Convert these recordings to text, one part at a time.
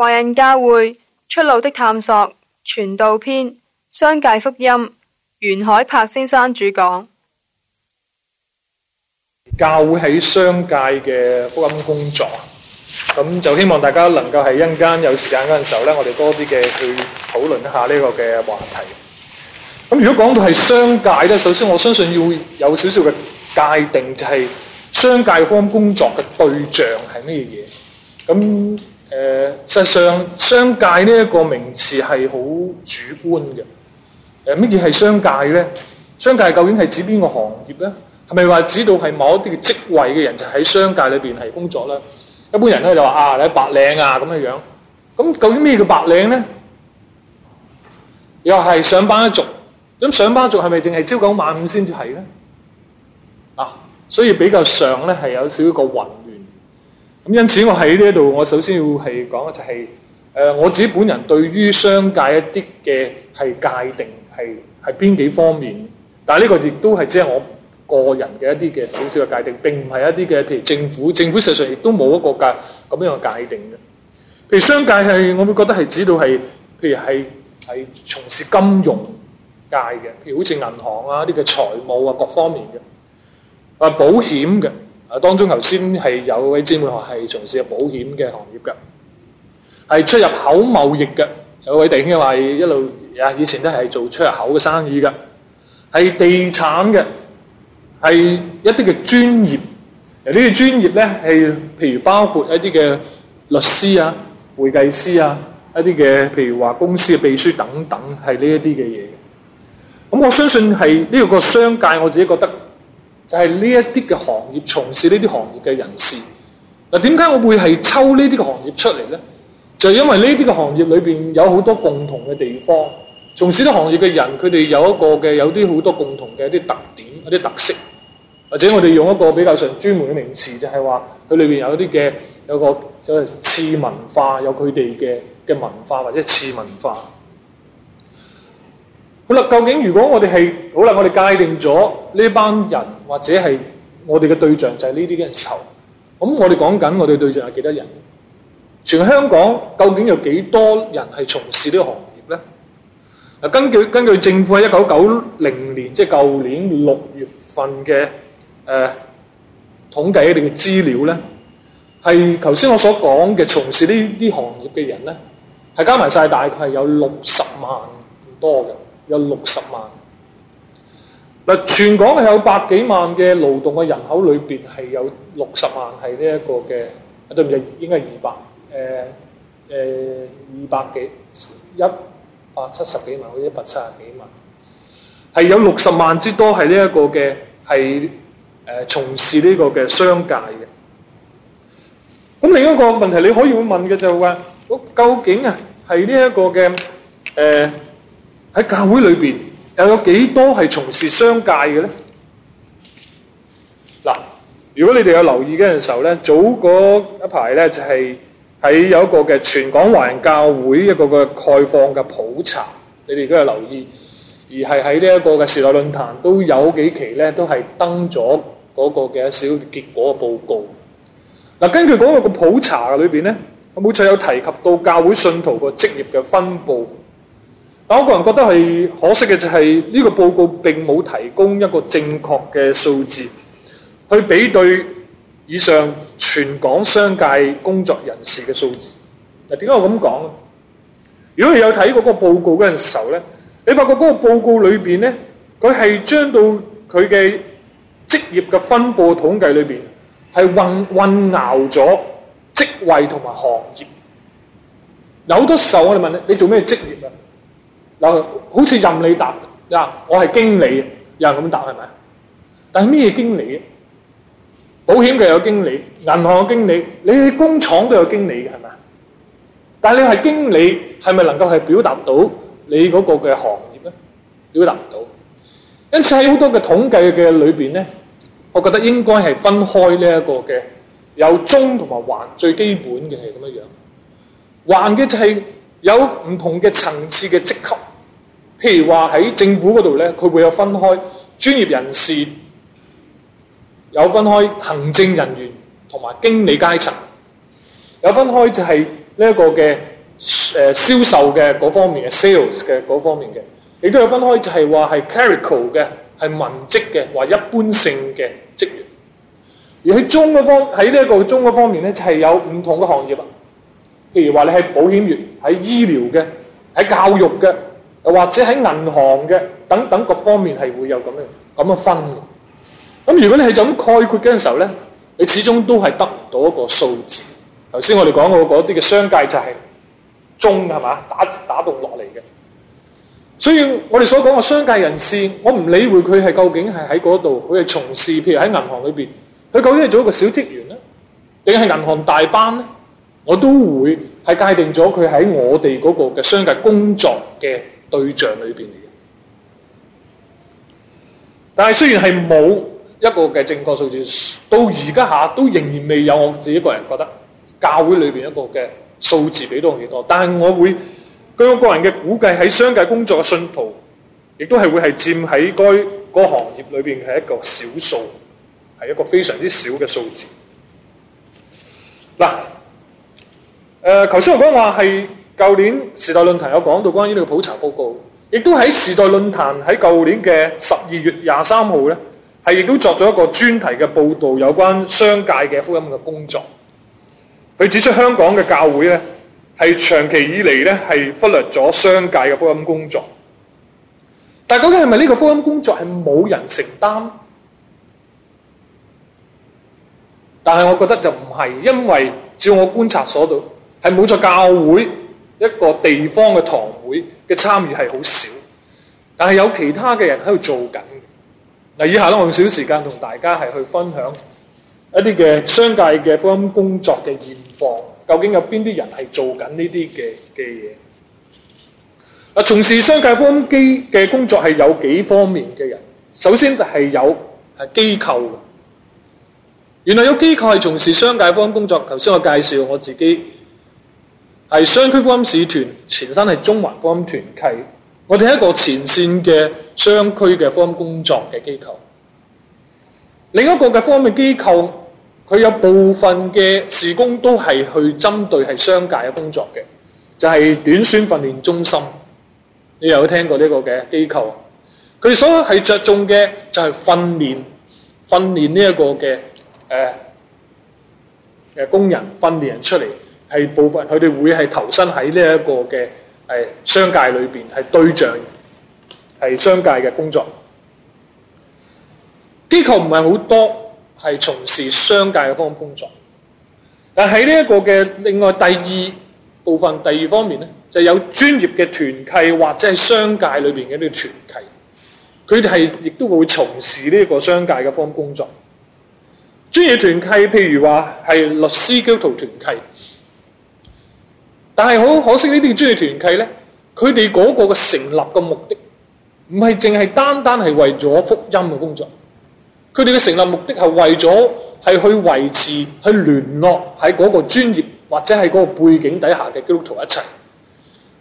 華人教會出路的探索傳道篇商界福音袁海柏先生主講，教會喺商界嘅福音工作，咁就希望大家能夠喺一間有時間嗰陣時候咧，我哋多啲嘅去討論一下呢個嘅話題。咁如果講到係商界咧，首先我相信要有少少嘅界定，就係、是、商界福音工作嘅對象係咩嘢？咁誒，實際上，商界呢一個名詞係好主觀嘅。誒，乜嘢係商界咧？商界究竟係指邊個行業咧？係咪話指到係某一啲嘅職位嘅人就喺商界裏面係工作咧？一般人咧就話啊，你係白領啊咁樣樣。咁究竟咩叫白領咧？又係上班一族。咁上班族係咪淨係朝九晚五先至係咧？啊，所以比較上咧係有少少個混。因此，我喺呢一度，我首先要係講嘅就係誒我自己本人對於商界一啲嘅係界定係係邊幾方面？但係呢個亦都係只係我個人嘅一啲嘅少少嘅界定，並唔係一啲嘅譬如政府，政府實際上亦都冇一個界咁樣嘅界定嘅。譬如商界係，我會覺得係指到係譬如係係從事金融界嘅，譬如好似銀行啊、啲嘅財務啊各方面嘅，啊保險嘅。啊！當中頭先係有位姊妹話係從事保險嘅行業嘅，係出入口貿易嘅。有位弟兄話一路啊，以前都係做出入口嘅生意嘅，係地產嘅，係一啲嘅專業。呢啲專業咧係，譬如包括一啲嘅律師啊、會計師啊、一啲嘅譬如話公司嘅秘書等等，係呢一啲嘅嘢。咁我相信係呢個個商界，我自己覺得。就係呢一啲嘅行業，從事呢啲行業嘅人士。嗱，點解我會係抽呢啲嘅行業出嚟呢？就係因為呢啲嘅行業裏邊有好多共同嘅地方，從事呢行業嘅人，佢哋有一個嘅有啲好多共同嘅一啲特點、有一啲特色，或者我哋用一個比較上專門嘅名詞，就係話佢裏邊有一啲嘅有個就係次文化，有佢哋嘅嘅文化或者次文化。好啦，究竟如果我哋係，好啦，我哋界定咗呢班人，或者係我哋嘅對象就係呢啲嘅人仇，咁我哋講緊我哋對象係幾多人？全香港究竟有幾多人係從事呢個行業咧？嗱，根據根據政府喺一九九零年，即係舊年六月份嘅誒統計一定嘅資料咧，係頭先我所講嘅從事呢啲行業嘅人咧，係加埋曬大概係有六十萬多嘅。有六十萬嗱，全港係有百幾萬嘅勞動嘅人口裏邊、呃，係有六十萬係呢一個嘅，對唔對？應該係二百，誒誒二百幾，一百七十幾萬或者一百七十幾萬，係有六十萬之多係呢一個嘅，係誒從事呢個嘅商界嘅。咁另一個問題，你可以會問嘅就係話，究竟啊係呢一個嘅誒？呃喺教會裏邊又有幾多係從事商界嘅咧？嗱，如果你哋有留意嗰陣時候咧，早嗰一排咧就係喺有一個嘅全港華人教會一個嘅概況嘅普查，你哋應該有留意，而係喺呢一個嘅時代論壇都有幾期咧，都係登咗嗰個嘅一小結果嘅報告。嗱，根據嗰個嘅普查裏邊咧，冇錯有提及到教會信徒個職業嘅分佈。但我個人覺得係可惜嘅，就係呢個報告並冇提供一個正確嘅數字去比對以上全港商界工作人士嘅數字。嗱，點解我咁講？如果你有睇過嗰個報告嗰陣時候咧，你發覺嗰個報告裏邊咧，佢係將到佢嘅職業嘅分佈統計裏邊係混混淆咗職位同埋行業。有好多時候我哋問你：你做咩職業啊？嗱，好似任你答，嗱，我係經理，有人咁答係咪？但係咩經理？保險嘅有經理，銀行有經理，你去工廠都有經理嘅係咪？但係你係經理，係咪能夠係表達到你嗰個嘅行業咧？表達唔到。因此喺好多嘅統計嘅裏邊咧，我覺得應該係分開呢一個嘅有中同埋環最基本嘅係咁樣樣，環嘅就係有唔同嘅層次嘅職級。譬如話喺政府嗰度咧，佢會有分開專業人士，有分開行政人員同埋經理階層，有分開就係呢一個嘅誒銷售嘅嗰方面嘅 sales 嘅嗰方面嘅，亦都有分開就係話係 clerical 嘅係文職嘅，或一般性嘅職員。而喺中嗰方喺呢一個中嗰方面咧，就係有唔同嘅行業。譬如話你係保險員，喺醫療嘅，喺教育嘅。或者喺銀行嘅等等各方面係會有咁樣咁嘅分嘅。咁如果你係就咁概括嘅時候咧，你始終都係得唔到一個數字。頭先我哋講過嗰啲嘅商界就係中，係嘛打打動落嚟嘅。所以我哋所講嘅商界人士，我唔理會佢係究竟係喺嗰度，佢係從事譬如喺銀行裏邊，佢究竟係做一個小職員咧，定係銀行大班咧，我都會係界定咗佢喺我哋嗰個嘅商界工作嘅。對象裏邊嚟嘅，但係雖然係冇一個嘅正確數字，到而家下都仍然未有，我自己個人覺得教會裏邊一個嘅數字畀到幾多，但係我會據我個人嘅估計，喺商界工作嘅信徒也，亦都係會係佔喺該個行業裏邊係一個少數，係一個非常之少嘅數字。嗱，誒頭先我講話係。舊年時代論壇有講到關於呢個普查報告，亦都喺時代論壇喺舊年嘅十二月廿三號咧，係亦都作咗一個專題嘅報道，有關商界嘅福音嘅工作。佢指出香港嘅教會咧，係長期以嚟咧係忽略咗商界嘅福音工作。但究竟係咪呢個福音工作係冇人承擔？但係我覺得就唔係，因為照我觀察所到，係冇咗教會。一個地方嘅堂會嘅參與係好少，但係有其他嘅人喺度做緊。嗱，以下咧我用少時間同大家係去分享一啲嘅商界嘅福音工作嘅現況。究竟有邊啲人係做緊呢啲嘅嘅嘢？嗱，從事商界福音基嘅工作係有幾方面嘅人。首先係有機機構。原來有機構係從事商界福音工作。頭先我介紹我自己。係商區福音使團，前身係中環福音團契。我哋係一個前線嘅商區嘅福音工作嘅機構。另一個嘅福音機構，佢有部分嘅事工都係去針對係商界嘅工作嘅，就係、是、短宣訓練中心。你有聽過呢個嘅機構？佢哋所係着重嘅就係訓練，訓練呢一個嘅誒誒工人訓練人出嚟。係部分，佢哋會係投身喺呢一個嘅係商界裏邊，係對象係商界嘅工作。機構唔係好多係從事商界嘅方工作。但喺呢一個嘅另外第二部分第二方面咧，就有專業嘅團契或者係商界裏邊嘅呢個團契，佢哋係亦都會從事呢個商界嘅方工作。專業團契譬如話係律師基督徒團契。但係好可惜，呢啲專業團契咧，佢哋嗰個嘅成立嘅目的唔係淨係單單係為咗福音嘅工作，佢哋嘅成立目的係為咗係去維持、去聯絡喺嗰個專業或者係嗰個背景底下嘅基督徒一齊。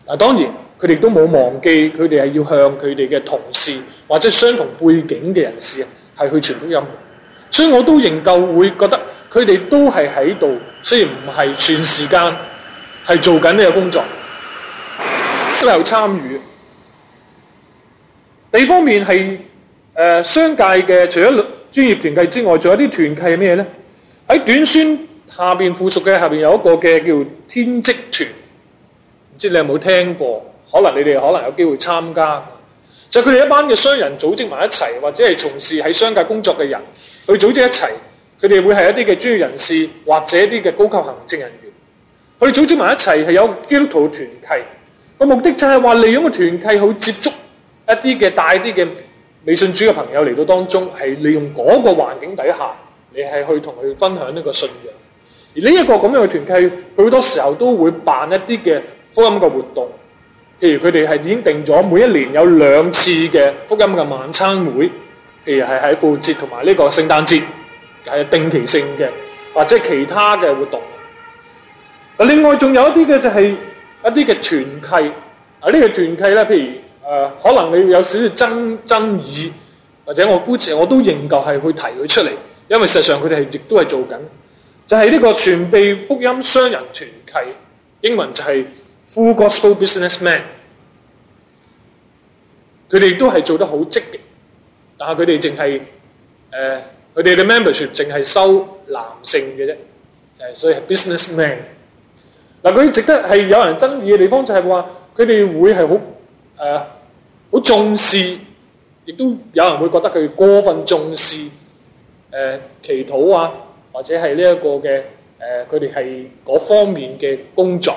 嗱，當然佢哋都冇忘記，佢哋係要向佢哋嘅同事或者相同背景嘅人士係去傳福音。所以我都仍舊會覺得，佢哋都係喺度，雖然唔係全時間。係做緊呢個工作，都有參與。地方面係誒商界嘅，除咗專業團契之外，仲有啲團契係咩咧？喺短宣下面附屬嘅下面有一個嘅叫天職團，唔知你有冇聽過？可能你哋可能有機會參加。就佢哋一班嘅商人組織埋一齊，或者係從事喺商界工作嘅人去組織一齊，佢哋會係一啲嘅專業人士，或者一啲嘅高級行政人員。佢哋組織埋一齊係有基督徒嘅團契，個目的就係話利用個團契去接觸一啲嘅大啲嘅未信主嘅朋友嚟到當中，係利用嗰個環境底下，你係去同佢分享呢個信仰。而呢一個咁樣嘅團契，佢好多時候都會辦一啲嘅福音嘅活動，譬如佢哋係已經定咗每一年有兩次嘅福音嘅晚餐會，譬如係喺復節同埋呢個聖誕節係定期性嘅，或者其他嘅活動。另外仲有一啲嘅就係一啲嘅團契啊，呢個團契咧，譬如、呃、可能你有少少爭爭議，或者我估前我都仍舊係去提佢出嚟，因為事實上佢哋亦都係做緊，就係、是、呢個全備福音商人團契，英文就係 Full Gospel Businessman，佢哋都係做得好積極，但係佢哋淨係誒，佢哋嘅 membership 淨係收男性嘅啫，就係所以 businessman。嗱，佢值得係有人爭議嘅地方就係話佢哋會係好誒好重視，亦都有人會覺得佢過分重視誒祈禱啊，或者係呢一個嘅誒佢哋係嗰方面嘅工作。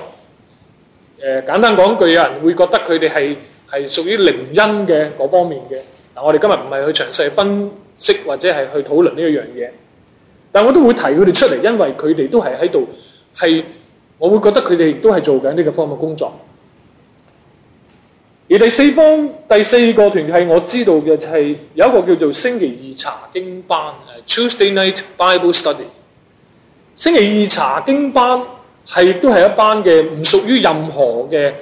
誒簡單講句，有人會覺得佢哋係係屬於靈恩嘅嗰方面嘅。嗱，我哋今日唔係去詳細分析或者係去討論呢一樣嘢，但我都會提佢哋出嚟，因為佢哋都係喺度係。我會覺得佢哋亦都係做緊呢個方面嘅工作。而第四方，第四個團體我知道嘅，就係有一個叫做星期二查經班，Tuesday Night Bible Study。星期二查經班係都係一班嘅唔屬於任何嘅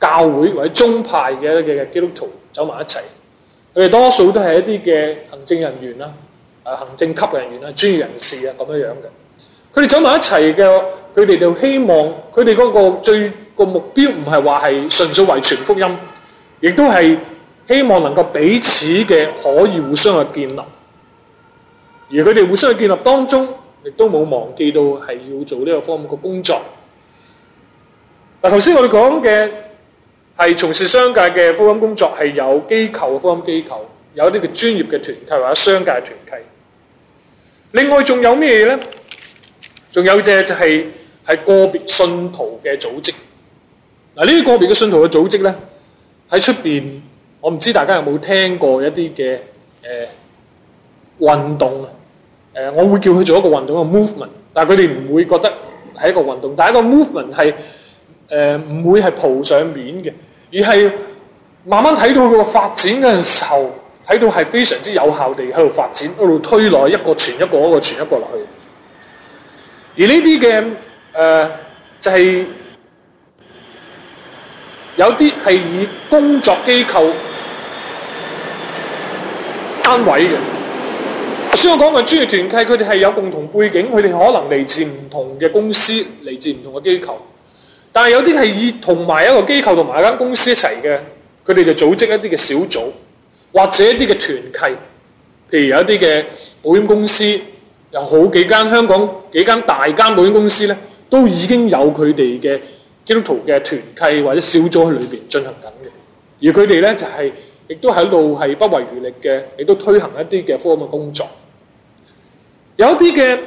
教會或者宗派嘅嘅基督徒走埋一齊。佢哋多數都係一啲嘅行政人員啦，啊行政級人員啦、專業人士啊咁樣樣嘅。佢哋走埋一齊嘅。佢哋就希望，佢哋嗰個最個目標唔係話係純粹為傳福音，亦都係希望能夠彼此嘅可以互相嘅建立。而佢哋互相嘅建立當中，亦都冇忘記到係要做呢個福音嘅工作。嗱，頭先我哋講嘅係從事商界嘅福音工作，係有機構嘅福音機構，有啲嘅專業嘅團契，或者商界嘅團契。另外仲有咩嘢咧？仲有嘅就係、是。係個別信徒嘅組織。嗱，呢啲個別嘅信徒嘅組織咧，喺出邊，我唔知大家有冇聽過一啲嘅誒運動啊？誒、呃，我會叫佢做一個運動嘅 movement，但係佢哋唔會覺得係一個運動，但係一個 movement 係誒唔會係蒲上面嘅，而係慢慢睇到佢個發展嘅時候，睇到係非常之有效地喺度發展，喺度推落一個傳一個，一個傳一個落去。而呢啲嘅。誒、呃，就係、是、有啲係以工作機構單位嘅。所以我講嘅專業團契，佢哋係有共同背景，佢哋可能嚟自唔同嘅公司，嚟自唔同嘅機構。但係有啲係以同埋一個機構同埋一間公司一齊嘅，佢哋就組織一啲嘅小組或者一啲嘅團契。譬如有一啲嘅保險公司，有好幾間香港幾間大間保險公司咧，都已經有佢哋嘅基督徒嘅團契或者小組喺裏面進行緊嘅，而佢哋咧就係亦都喺度係不遺餘力嘅，亦都推行一啲嘅福音嘅工作。有一啲嘅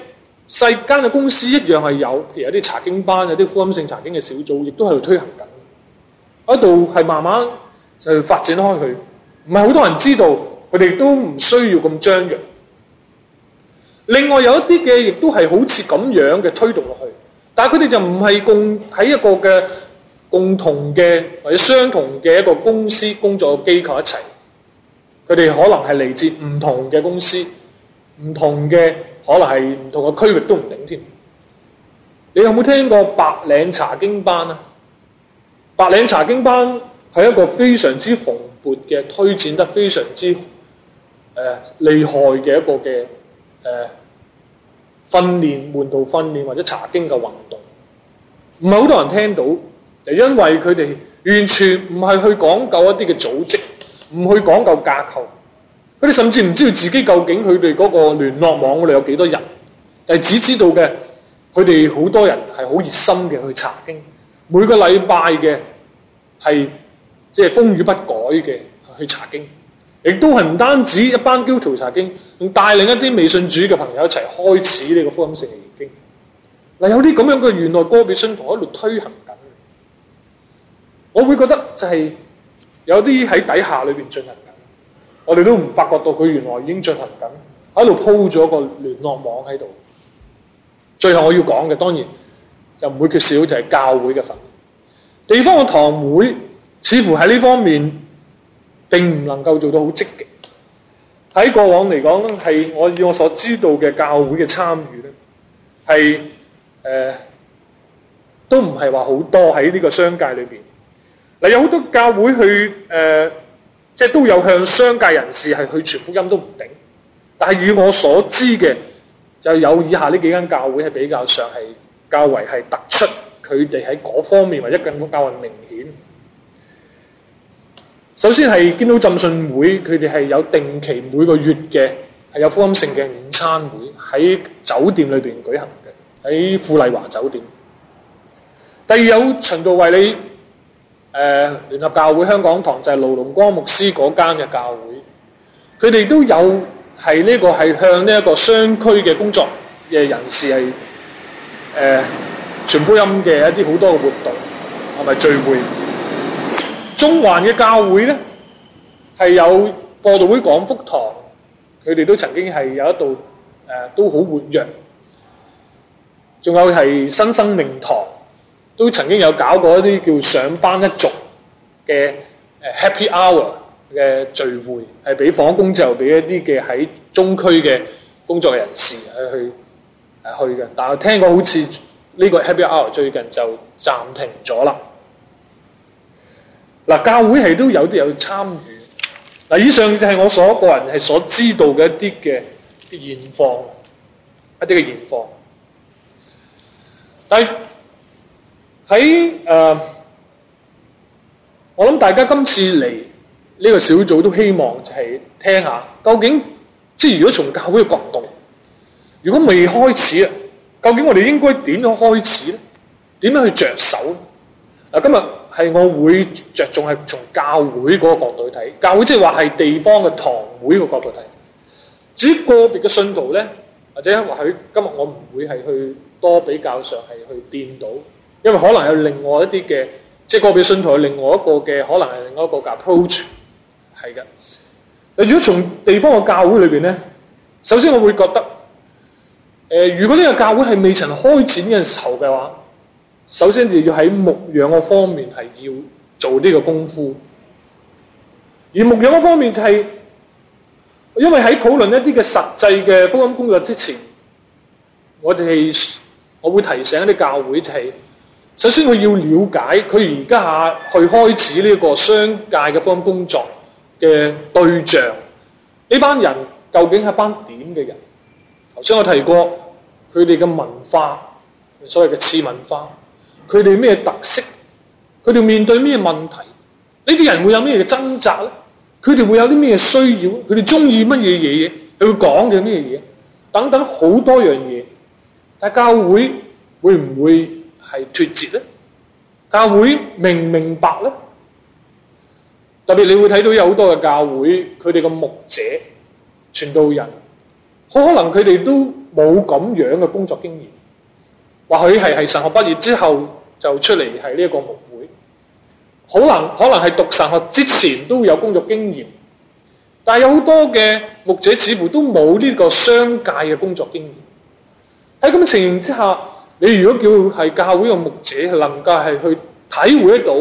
細間嘅公司一樣係有，譬如有啲查經班、有啲福音性查經嘅小組，亦都喺度推行緊，喺度係慢慢就發展開去。唔係好多人知道，佢哋亦都唔需要咁張揚。另外有一啲嘅亦都係好似咁樣嘅推動落去。但係佢哋就唔係共喺一個嘅共同嘅或者相同嘅一個公司工作機構一齊，佢哋可能係嚟自唔同嘅公司，唔同嘅可能係唔同嘅區域都唔定添。你有冇聽過白領查經班啊？白領查經班係一個非常之蓬勃嘅、推展得非常之誒、呃、厲害嘅一個嘅誒。呃訓練門徒訓練或者查經嘅運動，唔係好多人聽到，就是、因為佢哋完全唔係去講究一啲嘅組織，唔去講究架構，佢哋甚至唔知道自己究竟佢哋嗰個聯絡網裏有幾多人，但、就、係、是、只知道嘅，佢哋好多人係好熱心嘅去查經，每個禮拜嘅係即係風雨不改嘅去查經。亦都係唔單止一班基督徒查經，仲帶領一啲未信主嘅朋友一齊開始呢個福音嘅研經。嗱，有啲咁樣嘅，原來個別信徒喺度推行緊。我會覺得就係有啲喺底下裏邊進行緊，我哋都唔發覺到佢原來已經進行緊，喺度鋪咗個聯絡網喺度。最後我要講嘅當然就唔會缺少就係、是、教會嘅份，地方嘅堂會似乎喺呢方面。並唔能夠做到好積極。喺過往嚟講，係我以我所知道嘅教會嘅參與咧，係誒、呃、都唔係話好多喺呢個商界裏邊。嗱，有好多教會去誒、即、呃、係、就是、都有向商界人士係去傳福音都唔定。但係以我所知嘅，就有以下呢幾間教會係比較上係較為係突出，佢哋喺嗰方面或者更加較為明顯。首先係見到浸信會，佢哋係有定期每個月嘅係有福音性嘅午餐會喺酒店裏邊舉行嘅，喺富麗華酒店。第二有循道衛理誒聯合教會香港堂就係、是、盧龍光牧師嗰間嘅教會，佢哋都有係呢、這個係向呢一個商區嘅工作嘅人士係誒傳福音嘅一啲好多嘅活動係咪聚會？中環嘅教會咧，係有播道會廣福堂，佢哋都曾經係有一度誒、呃、都好活躍，仲有係新生命堂都曾經有搞過一啲叫上班一族嘅 Happy Hour 嘅聚會，係俾放工之後俾一啲嘅喺中區嘅工作人士去去去嘅，但係聽講好似呢個 Happy Hour 最近就暫停咗啦。嗱，教會係都有啲有參與。嗱，以上就係我所個人係所知道嘅一啲嘅現況，一啲嘅現況。但喺誒，我諗大家今次嚟呢個小組都希望就係聽下，究竟即係如果從教會嘅角度，如果未開始啊，究竟我哋應該點樣開始咧？點樣去着手？嗱，今日。係我會着重係從教會嗰個角度去睇，教會即係話係地方嘅堂會個角度睇。至於個別嘅信徒咧，或者或許今日我唔會係去多比較上係去掂到，因為可能有另外一啲嘅，即係個別信徒有另外一個嘅，可能係另外一個嘅 approach，係嘅。你如果從地方嘅教會裏面咧，首先我會覺得，呃，如果呢個教會係未曾開展嘅時候嘅話，首先就要喺牧養嘅方面係要做呢個功夫，而牧養嘅方面就係，因為喺討論一啲嘅實際嘅福音工作之前，我哋我會提醒一啲教會就係，首先佢要了解佢而家下去開始呢個商界嘅福音工作嘅對象，呢班人究竟係班點嘅人？頭先我提過佢哋嘅文化，所謂嘅次文化。佢哋咩特色？佢哋面對咩問題？呢啲人會有咩嘅掙扎咧？佢哋會有啲咩需要？佢哋中意乜嘢嘢嘢？佢講嘅咩嘢？等等好多樣嘢。但係教會會唔會係脫節咧？教會明唔明白咧？特別你會睇到有好多嘅教會，佢哋嘅牧者、傳道人，好可能佢哋都冇咁樣嘅工作經驗，或許係係神學畢業之後。就出嚟，係呢一個牧會可能，可能係讀神學之前都有工作經驗，但係有好多嘅牧者似乎都冇呢個商界嘅工作經驗。喺咁嘅情形之下，你如果叫係教會嘅牧者能夠係去體會得到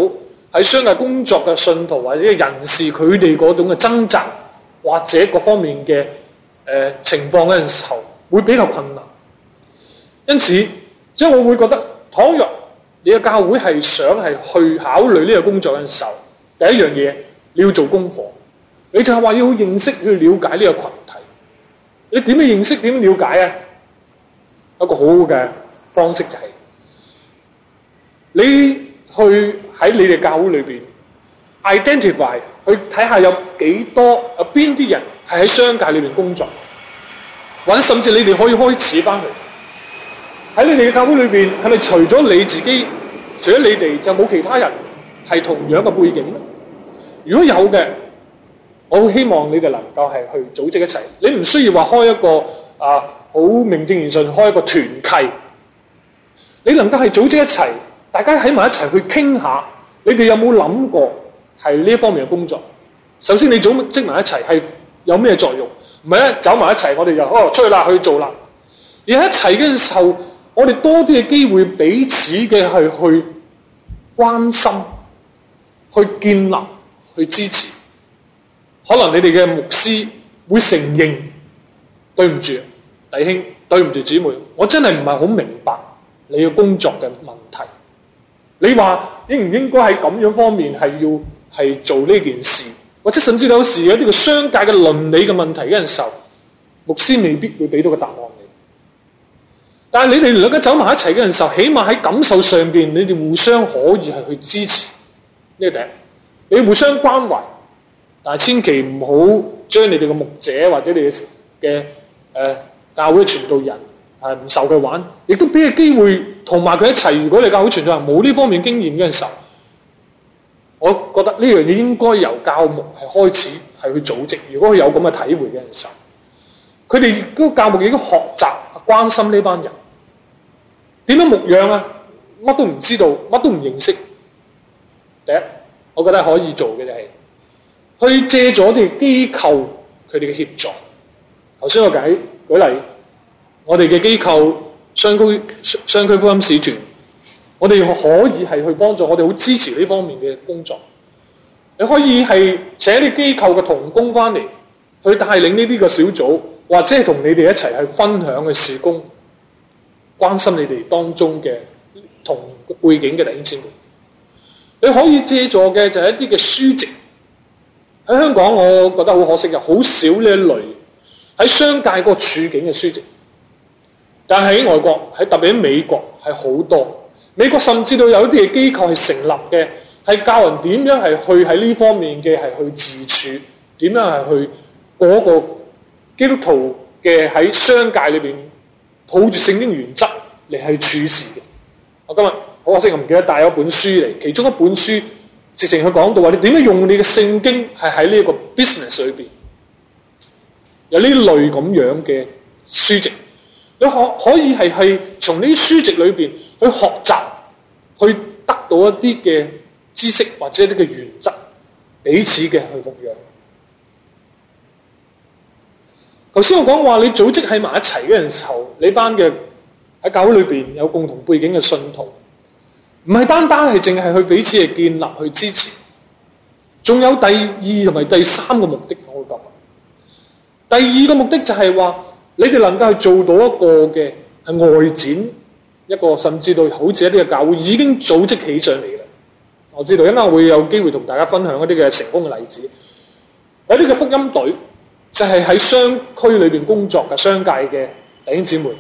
喺商界工作嘅信徒或者人士佢哋嗰種嘅掙扎或者各方面嘅、誒、呃、情況嗰陣時候，會比較困難，因此，即係我會覺得，倘若你嘅教會係想係去考慮呢個工作嘅時候，第一樣嘢你要做功課，你就係話要認識、去了解呢個群體。你點樣認識、點樣了解啊？一個好嘅方式就係、是、你去喺你哋教會裏邊 identify，去睇下有幾多、啊邊啲人係喺商界裏邊工作，或者甚至你哋可以開始翻嚟。喺你哋嘅教會裏邊，係咪除咗你自己，除咗你哋就冇其他人係同樣嘅背景咧？如果有嘅，我希望你哋能夠係去組織一齊。你唔需要話開一個啊好名正言順開一個團契，你能夠係組織一齊，大家喺埋一齊去傾下，你哋有冇諗過係呢一方面嘅工作？首先你組織埋一齊係有咩作用？唔係咧，走埋一齊，我哋就哦出去啦，去做啦。而喺一齊嗰陣時候。我哋多啲嘅機會，彼此嘅係去關心、去建立、去支持。可能你哋嘅牧師會承認，對唔住弟兄，對唔住姊妹，我真係唔係好明白你嘅工作嘅問題。你話應唔應該喺咁樣方面係要係做呢件事，或者甚至有時有啲嘅商界嘅倫理嘅問題嘅時候，牧師未必會俾到個答案。但係你哋兩家走埋一齊嘅時候，起碼喺感受上邊，你哋互相可以係去支持呢？第一，你哋互相關懷，但千祈唔好將你哋嘅牧者或者你嘅誒、呃、教會傳道人係唔、呃、受佢玩，亦都俾個機會同埋佢一齊。如果你教會傳道人冇呢方面的經驗嘅時候，我覺得呢樣嘢應該由教牧開始係去組織。如果佢有咁嘅體會嘅時候，佢哋嗰教牧已經學習關心呢班人。點樣牧養啊？乜都唔知道，乜都唔認識。第一，我覺得可以做嘅就係去借助啲機構佢哋嘅協助。頭先我解舉例，我哋嘅機構商區商區福音使團，我哋可以係去幫助，我哋好支持呢方面嘅工作。你可以係請啲機構嘅同工翻嚟，去帶領呢啲個小組，或者係同你哋一齊去分享嘅事工。關心你哋當中嘅同背景嘅弟兄，你可以借助嘅就係一啲嘅書籍。喺香港，我覺得好可惜，有好少呢一類喺商界嗰個處境嘅書籍。但喺外國，喺特別喺美國係好多。美國甚至到有啲嘅機構係成立嘅，係教人點樣係去喺呢方面嘅係去自處，點樣係去嗰個基督徒嘅喺商界裏邊。抱住聖經原則嚟去處事嘅，我今日好可惜，我唔記得帶咗本書嚟，其中一本書直情佢講到話，你點樣用你嘅聖經係喺呢一個 business 裏邊，有呢類咁樣嘅書籍，你可可以係去從呢啲書籍裏邊去學習，去得到一啲嘅知識或者一啲嘅原則，彼此嘅去牧養。頭先我講話，你組織喺埋一齊嗰陣時候，你班嘅喺教會裏邊有共同背景嘅信徒，唔係單單係淨係去彼此嘅建立去支持，仲有第二同埋第三個目的，我會覺得。第二個目的就係話，你哋能夠去做到一個嘅係外展一個，甚至到好似一啲嘅教會已經組織起上嚟啦。我知道一陣間會有機會同大家分享一啲嘅成功嘅例子，有啲嘅福音隊。就係喺商區裏邊工作嘅商界嘅弟兄姊妹，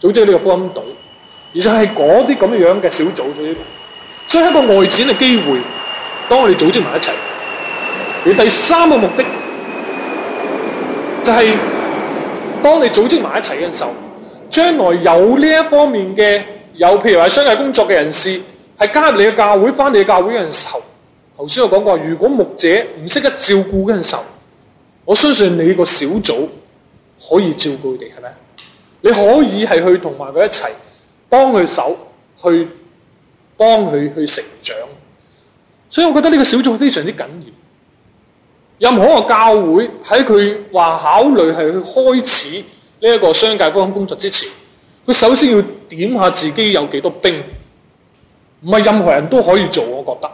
組織呢個福音隊，而且係嗰啲咁樣嘅小組組織，所以一個外展嘅機會，當我哋組織埋一齊。而第三個目的就係，當你組織埋一齊嘅時候，將來有呢一方面嘅有譬如話商界工作嘅人士，係加入你嘅教會，返你嘅教會嘅時候，頭先我講過，如果牧者唔識得照顧嘅時候。我相信你個小組可以照顧佢哋，係咪？你可以係去同埋佢一齊幫佢手，去幫佢去成長。所以我覺得呢個小組非常之緊要。任何個教會喺佢話考慮係去開始呢一個商界方工作之前，佢首先要點一下自己有幾多兵，唔係任何人都可以做。我覺得，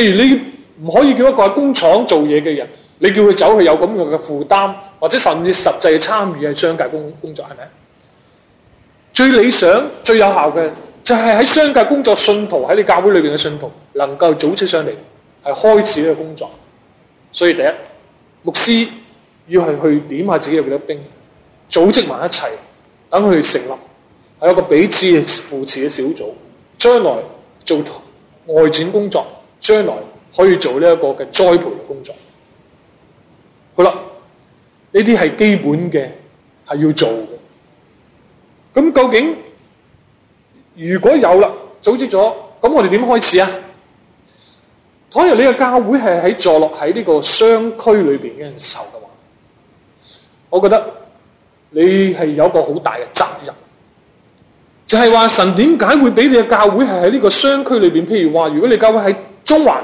譬如你唔可以叫一個喺工廠做嘢嘅人。你叫佢走，去有咁樣嘅負擔，或者甚至實際參與嘅商界工工作，係咪？最理想、最有效嘅就係、是、喺商界工作，信徒喺你教會裏面嘅信徒能夠組織上嚟，係開始呢個工作。所以第一，牧師要係去點下自己嘅幾多兵，組織埋一齊，等佢哋成立，係一個彼此嘅扶持嘅小組，將來做外展工作，將來可以做呢一個嘅栽培工作。好啦，呢啲係基本嘅，係要做嘅。咁究竟如果有啦，組織咗，咁我哋點開始啊？倘若你嘅教會係喺坐落喺呢個商區裏邊嘅時候嘅話，我覺得你係有個好大嘅責任，就係話神點解會俾你嘅教會係喺呢個商區裏邊？譬如話，如果你教會喺中環、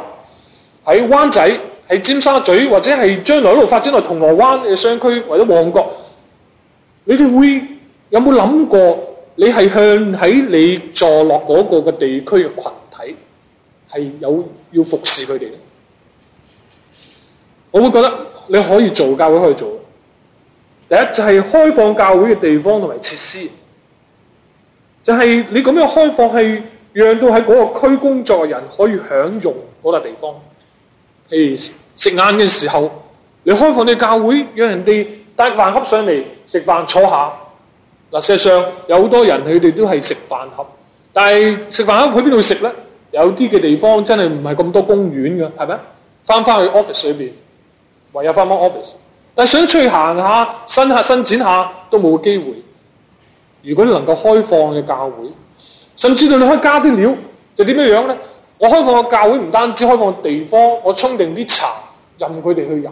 喺灣仔。喺尖沙咀或者係將來一路發展到銅鑼灣嘅商區或者旺角，你哋會有冇諗過？你係向喺你坐落嗰個嘅地區嘅群體，係有要服侍佢哋咧？我會覺得你可以做，教會可以做。第一就係開放教會嘅地方同埋設施，就係你咁樣開放，係讓到喺嗰個區工作嘅人可以享用嗰笪地方，譬如。食晏嘅時候，你開放啲教會，讓人哋帶飯盒上嚟食飯，坐下。嗱，事實上有好多人佢哋都係食飯盒，但係食飯盒去邊度食咧？有啲嘅地方真係唔係咁多公園嘅，係咪？翻翻去 office 裏邊，唯有翻翻 office。但係想出去行下、伸下、伸展下都冇機會。如果你能夠開放嘅教會，甚至到你可以加啲料，就點樣咧？我開個教會唔單止開個地方，我沖定啲茶任佢哋去飲。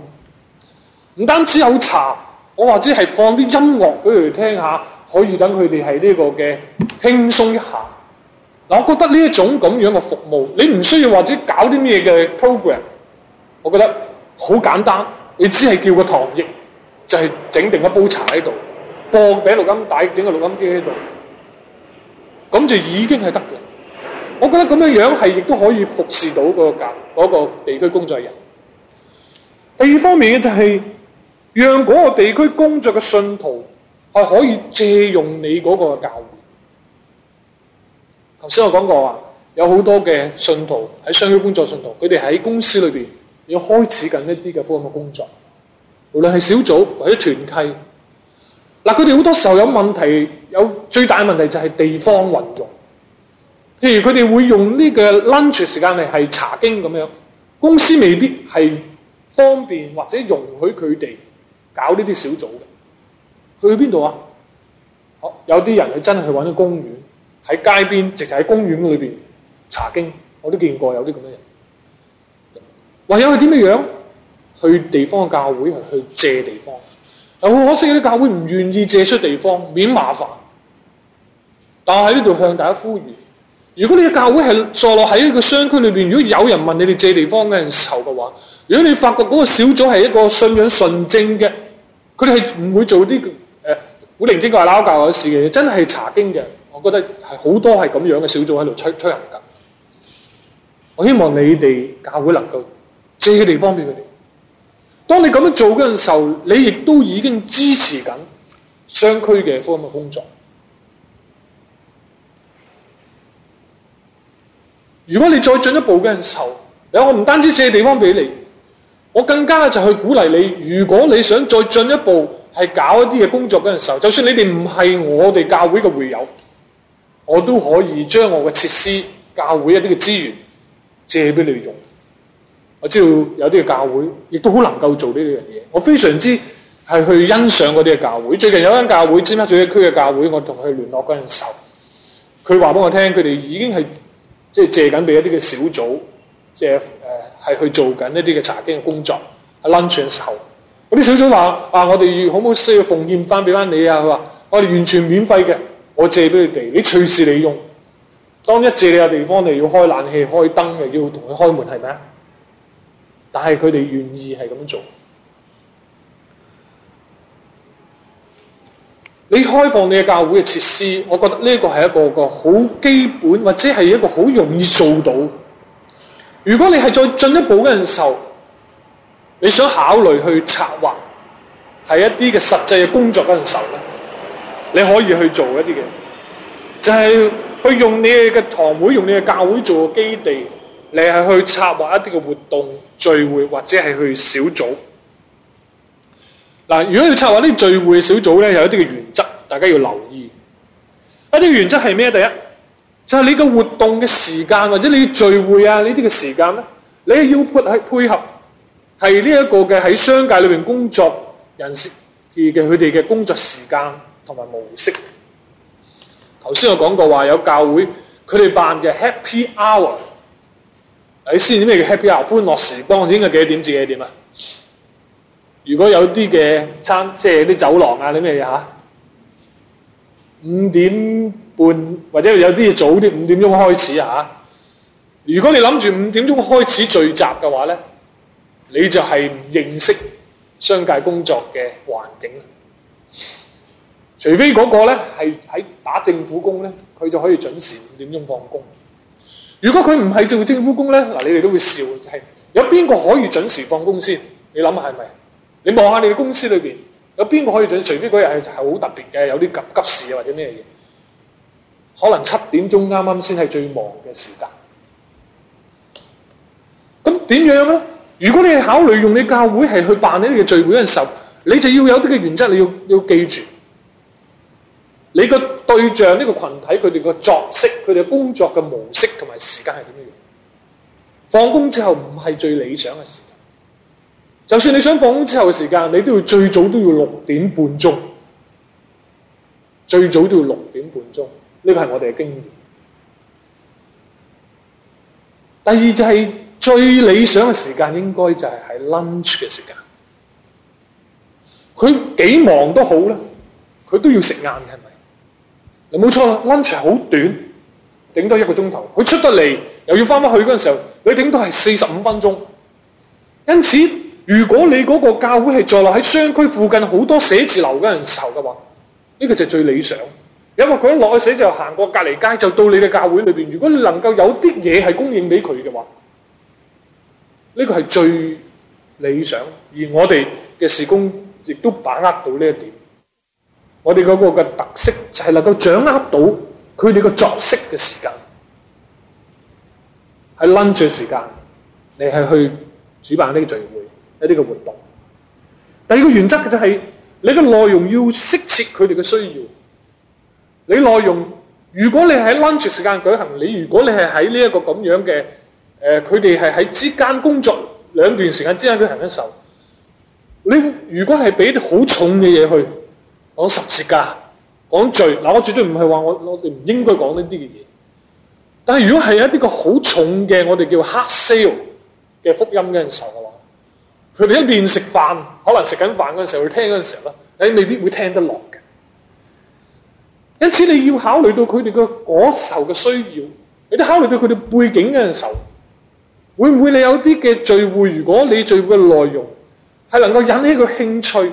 唔單止有茶，我或者係放啲音樂俾佢哋聽下，可以等佢哋係呢個嘅輕鬆一下。嗱，我覺得呢一種咁樣嘅服務，你唔需要或者搞啲咩嘅 program，我覺得好簡單。你只係叫個堂役，就係、是、整定一煲茶喺度，放畀錄音帶整個錄音機喺度，咁就已經係得嘅。我覺得咁嘅樣係亦都可以服侍到嗰個教嗰、嗰個地區工作的人。第二方面嘅就係、是、讓嗰個地區工作嘅信徒係可以借用你嗰個教育。頭先我講過啊，有好多嘅信徒喺商區工作，信徒佢哋喺公司裏面要開始緊一啲嘅福音工作，無論係小組或者團契。嗱，佢哋好多時候有問題，有最大嘅問題就係地方運用。譬如佢哋會用呢個 lunch 時間嚟係查經咁樣，公司未必係方便或者容許佢哋搞呢啲小組嘅。去邊度啊？好有啲人係真係去揾咗公園喺街邊，直情喺公園裏邊查經，我都見過有啲咁嘅人。還有係點樣？去地方嘅教會係去借地方，又可惜啲教會唔願意借出地方，免麻煩。但係喺呢度向大家呼籲。如果你嘅教會係坐落喺一個商區裏邊，如果有人問你哋借地方嘅時候嘅話，如果你發覺嗰個小組係一個信仰純正嘅，佢哋係唔會做啲誒古靈精怪、撈教嘅事嘅，嘢，真係查經嘅，我覺得係好多係咁樣嘅小組喺度推推，推行緊。我希望你哋教會能夠借地方俾佢哋。當你咁樣做嗰陣時候，你亦都已經支持緊商區嘅科嘅工作。如果你再進一步嘅時候，我唔單止借地方俾你，我更加就去鼓勵你。如果你想再進一步係搞一啲嘅工作嗰陣時候，就算你哋唔係我哋教會嘅會友，我都可以將我嘅設施、教會一啲嘅資源借俾你用。我知道有啲教會亦都好能夠做呢樣嘢，我非常之係去欣賞嗰啲嘅教會。最近有一間教會，尖沙咀一區嘅教會，我同佢聯絡嗰陣時候，佢話俾我聽，佢哋已經係。即、就、係、是、借緊俾一啲嘅小組，即係去做緊一啲嘅查經嘅工作。喺 lunch 嘅時候，嗰啲小組話：啊，我哋好唔好需要奉獻翻俾翻你啊！佢話：我哋完全免費嘅，我借俾你哋，你隨時利用。當一借你嘅地方，你要開冷氣、開燈，又要同佢開門，係咪啊？但係佢哋願意係咁做。你開放你嘅教會嘅設施，我覺得呢一個係一個個好基本，或者係一個好容易做到。如果你係再進一步嗰陣時候，你想考慮去策劃係一啲嘅實際嘅工作嗰陣時候咧，你可以去做一啲嘅，就係去用你嘅堂會、用你嘅教會做基地，你係去策劃一啲嘅活動、聚會或者係去小組。嗱，如果要策劃呢啲聚會小組咧，有一啲嘅原則，大家要留意。一啲原則係咩？第一，就係、是、你個活動嘅時間或者你聚會啊呢啲嘅時間咧，你要 put 喺配合，係呢一個嘅喺商界裏邊工作人士嘅佢哋嘅工作時間同埋模式。頭先我講過話，有教會佢哋辦嘅 Happy Hour，你先唔知咩叫 Happy Hour？歡樂時光應該幾點至幾點啊？如果有啲嘅餐，即係啲酒廊啊，啲咩嘢嚇？五點半或者有啲早啲五點鐘開始呀、啊。如果你諗住五點鐘開始聚集嘅話咧，你就係唔認識商界工作嘅環境。除非嗰個咧係喺打政府工咧，佢就可以準時五點鐘放工。如果佢唔係做政府工咧，嗱，你哋都會笑，係有邊個可以準時放工先？你諗下係咪？是你望下你哋公司裏邊有邊個可以做？除非嗰日係係好特別嘅，有啲急急事或者咩嘢，可能七點鐘啱啱先係最忙嘅時間。咁點樣咧？如果你係考慮用你教會係去辦呢啲嘅聚會嘅時候，你就要有啲嘅原則，你要要記住，你個對象呢個群體佢哋個作息、佢哋工作嘅模式同埋時間係點樣？放工之後唔係最理想嘅事。就算你想放工之後嘅時間，你都要最早都要六點半鐘，最早都要六點半鐘。呢個係我哋嘅經驗，嗯。第二就係、是、最理想嘅時，時間，應該就係喺 lunch 嘅時間。佢幾忙都好啦，佢都要食晏嘅，係咪？嗱，冇錯啦，lunch 好短，頂多一個鐘頭。佢出得嚟又要翻返去嗰陣時候，佢頂多係四十五分鐘，因此。如果你嗰個教會係坐落喺商區附近，好多寫字樓嗰陣時候嘅話，呢個就最理想，因為佢一落去寫字樓，行過隔籬街就到你嘅教會裏邊。如果你能夠有啲嘢係供應俾佢嘅話，呢個係最理想。而我哋嘅事工亦都把握到呢一點，我哋嗰個嘅特色就係能夠掌握到佢哋個作息嘅時間，喺 lunch 時間，你係去主辦呢個聚會，一啲嘅活動。第二個原則嘅就係、是、你嘅內容要適切佢哋嘅需要。你內容，如果你喺 lunch 時間舉行，你如果你係喺呢一個咁樣嘅，誒佢哋係喺之間工作兩段時間之間舉行嘅時候，你如果係俾啲好重嘅嘢去講十字架、講罪，嗱我絕對唔係話我我哋唔應該講呢啲嘅嘢。但係如果係一啲個好重嘅，我哋叫 hard sell 嘅福音嘅時候嘅話。佢哋一面食飯，可能食緊飯嗰陣時候去聽嗰陣時候咧，你未必會聽得落嘅。因此你要考慮到佢哋嘅感受嘅需要，你都考慮到佢哋背景嗰陣時候，會唔會你有啲嘅聚會？如果你聚會嘅內容係能夠引起佢興趣，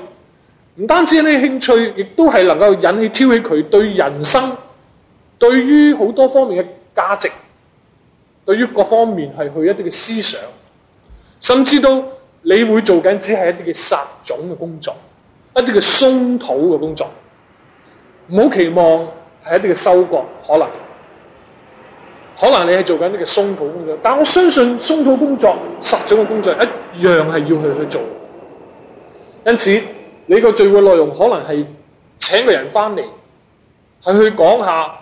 唔單止引起興趣，亦都係能夠引起挑起佢對人生、對於好多方面嘅價值、對於各方面係去一啲嘅思想，甚至到。你會做緊只係一啲嘅撒種嘅工作，一啲嘅鬆土嘅工作。唔好期望係一啲嘅收割，可能可能你係做緊呢個鬆土工作，但我相信鬆土工作、撒種嘅工作一樣係要去去做。因此你個聚會內容可能係請個人返嚟係去講下，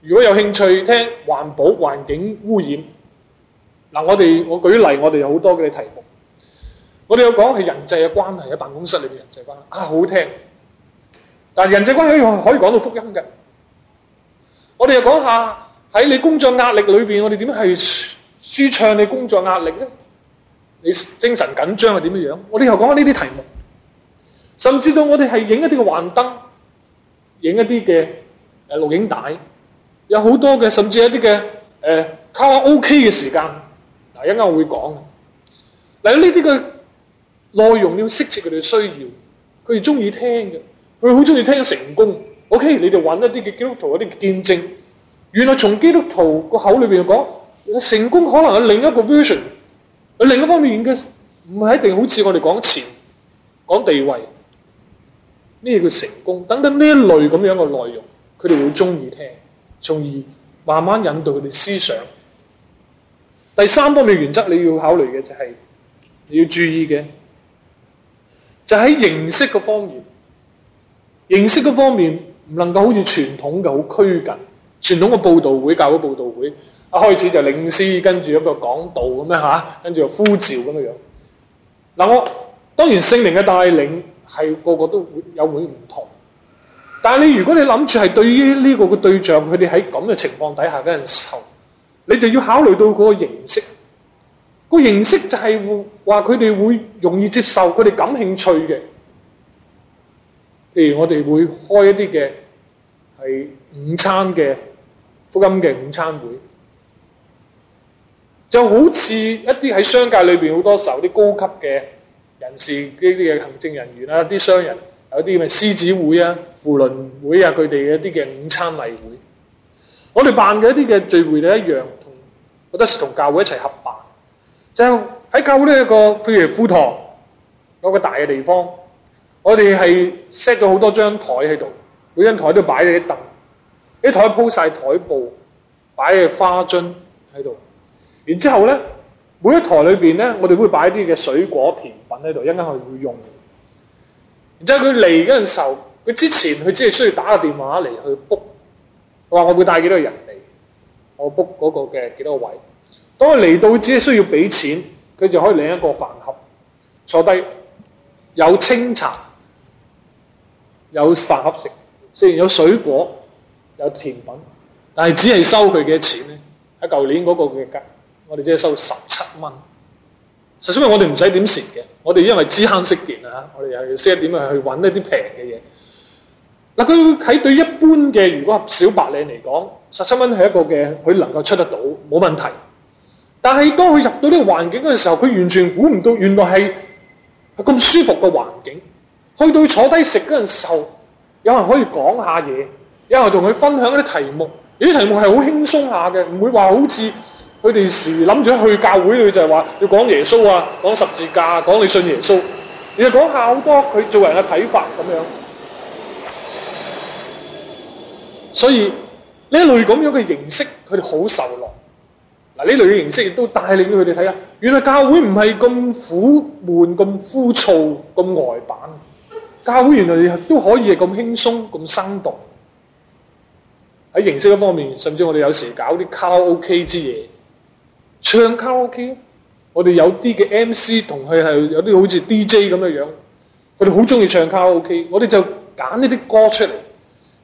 如果有興趣聽環保、環境污染嗱，我哋我舉例，我哋有好多嘅題目。我哋又講係人際嘅關係，喺辦公室裏邊人際關係啊好聽。但係人際關係可以可以講到福音嘅。我哋又講下喺你工作壓力裏邊，我哋點樣去舒暢你工作壓力咧？你精神緊張係點樣樣？我哋又講下呢啲題目，甚至到我哋係影一啲嘅幻燈，影一啲嘅誒錄影帶，有好多嘅，甚至一啲嘅誒卡拉 OK 嘅時間，嗱一陣我會講。嗱呢啲嘅。內容要識切佢哋嘅需要，佢哋中意聽嘅，佢好中意聽成功。OK，你哋揾一啲嘅基督徒一啲見證，原來從基督徒個口裏邊講，成功可能係另一個 vision，另一方面嘅，唔係一定好似我哋講錢、講地位咩叫成功等等呢一類咁樣嘅內容，佢哋會中意聽，從而慢慢引導佢哋思想。第三方面原則你要考慮嘅就係，你要注意嘅。就喺、是、形式嗰方面，形式嗰方面唔能夠好似傳統嘅好拘謹，傳統嘅佈道會，教會佈道會一開始就領詩，跟住一個講道咁樣吓，跟住就呼召咁樣樣。嗱，我當然聖靈嘅帶領係個個都會有會唔同，但係你如果你諗住係對於呢個嘅對象，佢哋喺咁嘅情況底下嘅時候，你就要考慮到嗰個形式。個形式就係話佢哋會容易接受，佢哋感興趣嘅。譬如我哋會開一啲嘅係午餐嘅福音嘅午餐會，就好似一啲喺商界裏邊好多時候啲高級嘅人士，啲嘅行政人員啦，啲商人有啲咩獅子會啊、扶輪會啊，佢哋一啲嘅午餐例會，我哋辦嘅一啲嘅聚會咧一樣，我覺得係同教會一齊合。就喺舊呢一個譬如富堂嗰，那個大嘅地方，我哋係 set 咗好多張台喺度，每一張台都擺咗啲凳，啲、這、台、個、鋪晒台布，擺嘅花樽喺度。然之後咧，每一台裏邊咧，我哋會擺啲嘅水果甜品喺度，一陣佢會用。然之後佢嚟嗰陣時候，佢之前佢只係需要打個電話嚟去 book，話我會帶幾多少人嚟，我 book 嗰個嘅幾多少位置。咁佢嚟到只係需要俾錢，佢就可以領一個飯盒坐低，有清茶，有飯盒食，雖然有水果有甜品，但係只係收佢幾多錢呢？喺舊年嗰個嘅價，我哋只係收十七蚊。實質上我哋唔使點錢嘅，我哋因為知慳識儉啊，我哋又識一點樣去揾一啲平嘅嘢。嗱，佢喺對一般嘅如果小白領嚟講，十七蚊係一個嘅，佢能夠出得到冇問題。但係當佢入到呢個環境嘅時候，佢完全估唔到，原來係咁舒服嘅環境。去到佢坐低食嗰陣時候，有人可以講下嘢，有人同佢分享一啲題目。有啲題目係好輕鬆下嘅，唔會話好似佢哋時諗住去教會裏就係、是、話要講耶穌啊，講十字架，講你信耶穌，你就講下好多佢做人嘅睇法，咁樣。所以呢一類咁樣嘅形式，佢哋好受落。呢類嘅形式亦都帶領咗佢哋睇下，原來教會唔係咁苦悶、咁枯燥、咁 呆板。教會原來都可以係咁輕鬆、咁 生動喺形式嗰方面。甚至我哋有時搞啲卡拉 O.K. 之嘢，唱卡拉 O.K.，我哋有啲嘅 M.C. 同佢係有啲好似 D.J. 咁嘅樣，佢哋好中意唱卡拉 O.K.，我哋就揀呢啲歌出嚟，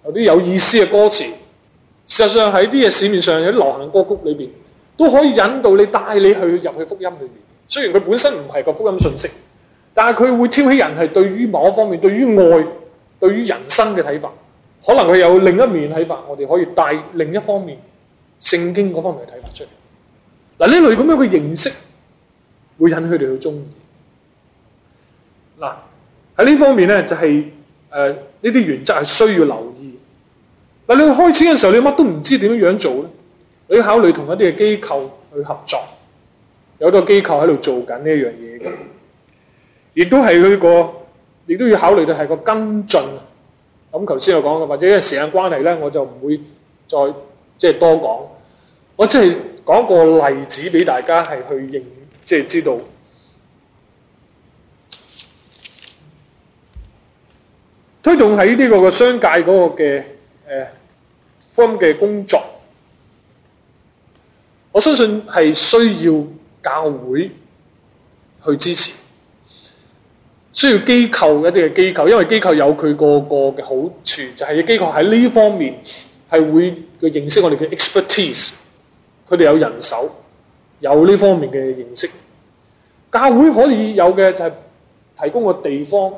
有啲有意思嘅歌詞。事實上喺啲嘅市面上有啲流行歌曲裏邊。都可以引導你帶你去入去福音裏面。雖然佢本身唔係個福音信息，但係佢會挑起人係對於某一方面、對於愛、對於人生嘅睇法。可能佢有另一面睇法，我哋可以帶另一方面聖經嗰方面嘅睇法出嚟。嗱，呢類咁樣嘅形式會引佢哋去中意。嗱，喺呢方面咧，就係誒呢啲原則係需要留意。嗱，你開始嘅時候，你乜都唔知點樣樣做咧。你要考慮同一啲嘅機構去合作，有個機構喺度做緊呢一樣嘢嘅，亦都係佢個，亦都要考慮到係個跟進。咁頭先我講嘅，或者因為時間關係咧，我就唔會再即係多講。我即係講個例子俾大家係去認，即係知道推動喺呢個嘅商界嗰個嘅誒方面嘅工作。我相信係需要教會去支持，需要機構一啲嘅機構，因為機構有佢個個嘅好處，就係嘅機構喺呢方面係會嘅認識我哋嘅 expertise，佢哋有人手，有呢方面嘅認識。教會可以有嘅就係提供個地方，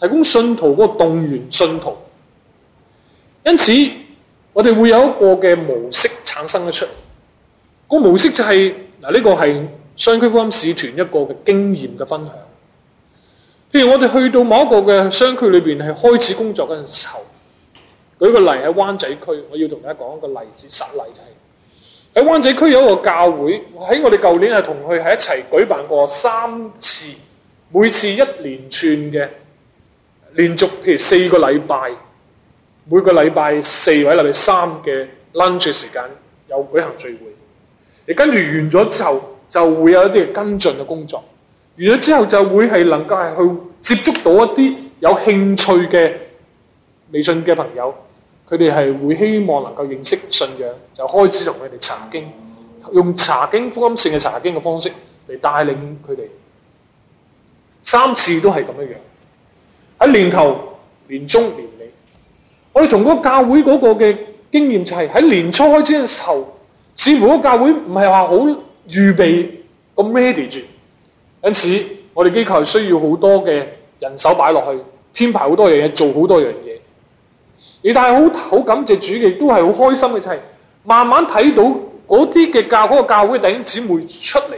提供信徒個動員信徒。因此，我哋會有一個嘅模式產生咗出嚟。那個模式就係、是、嗱，呢個係商區福音使團一個嘅經驗嘅分享。譬如我哋去到某一個嘅商區裏邊，係開始工作陣時候，舉個例，喺灣仔區我要同大家講一個例子，實例就係、是、喺灣仔區有一個教會喺我哋舊年係同佢喺一齊舉辦過三次，每次一連串嘅連續譬如四個禮拜，每個禮拜四或禮拜三嘅 lunch 時間有舉行聚會。你跟住完咗之後，就會有一啲跟進嘅工作。完咗之後，就會係能夠係去接觸到一啲有興趣嘅未信嘅朋友，佢哋係會希望能夠認識信仰，就開始同佢哋查經，用查經福音性嘅查經嘅方式嚟帶領佢哋。三次都係咁樣樣，喺年頭、年中、年尾，我哋同嗰個教會嗰個嘅經驗就係、是、喺年初開始嘅時候。似乎嗰教會唔係話好預備咁 ready 住，因此我哋機構係需要好多嘅人手擺落去編排好多樣嘢，做好多樣嘢。而但係好好感謝主，亦都係好開心嘅，就係、是、慢慢睇到嗰啲嘅教嗰、嗰個教會嘅弟兄姊妹出嚟，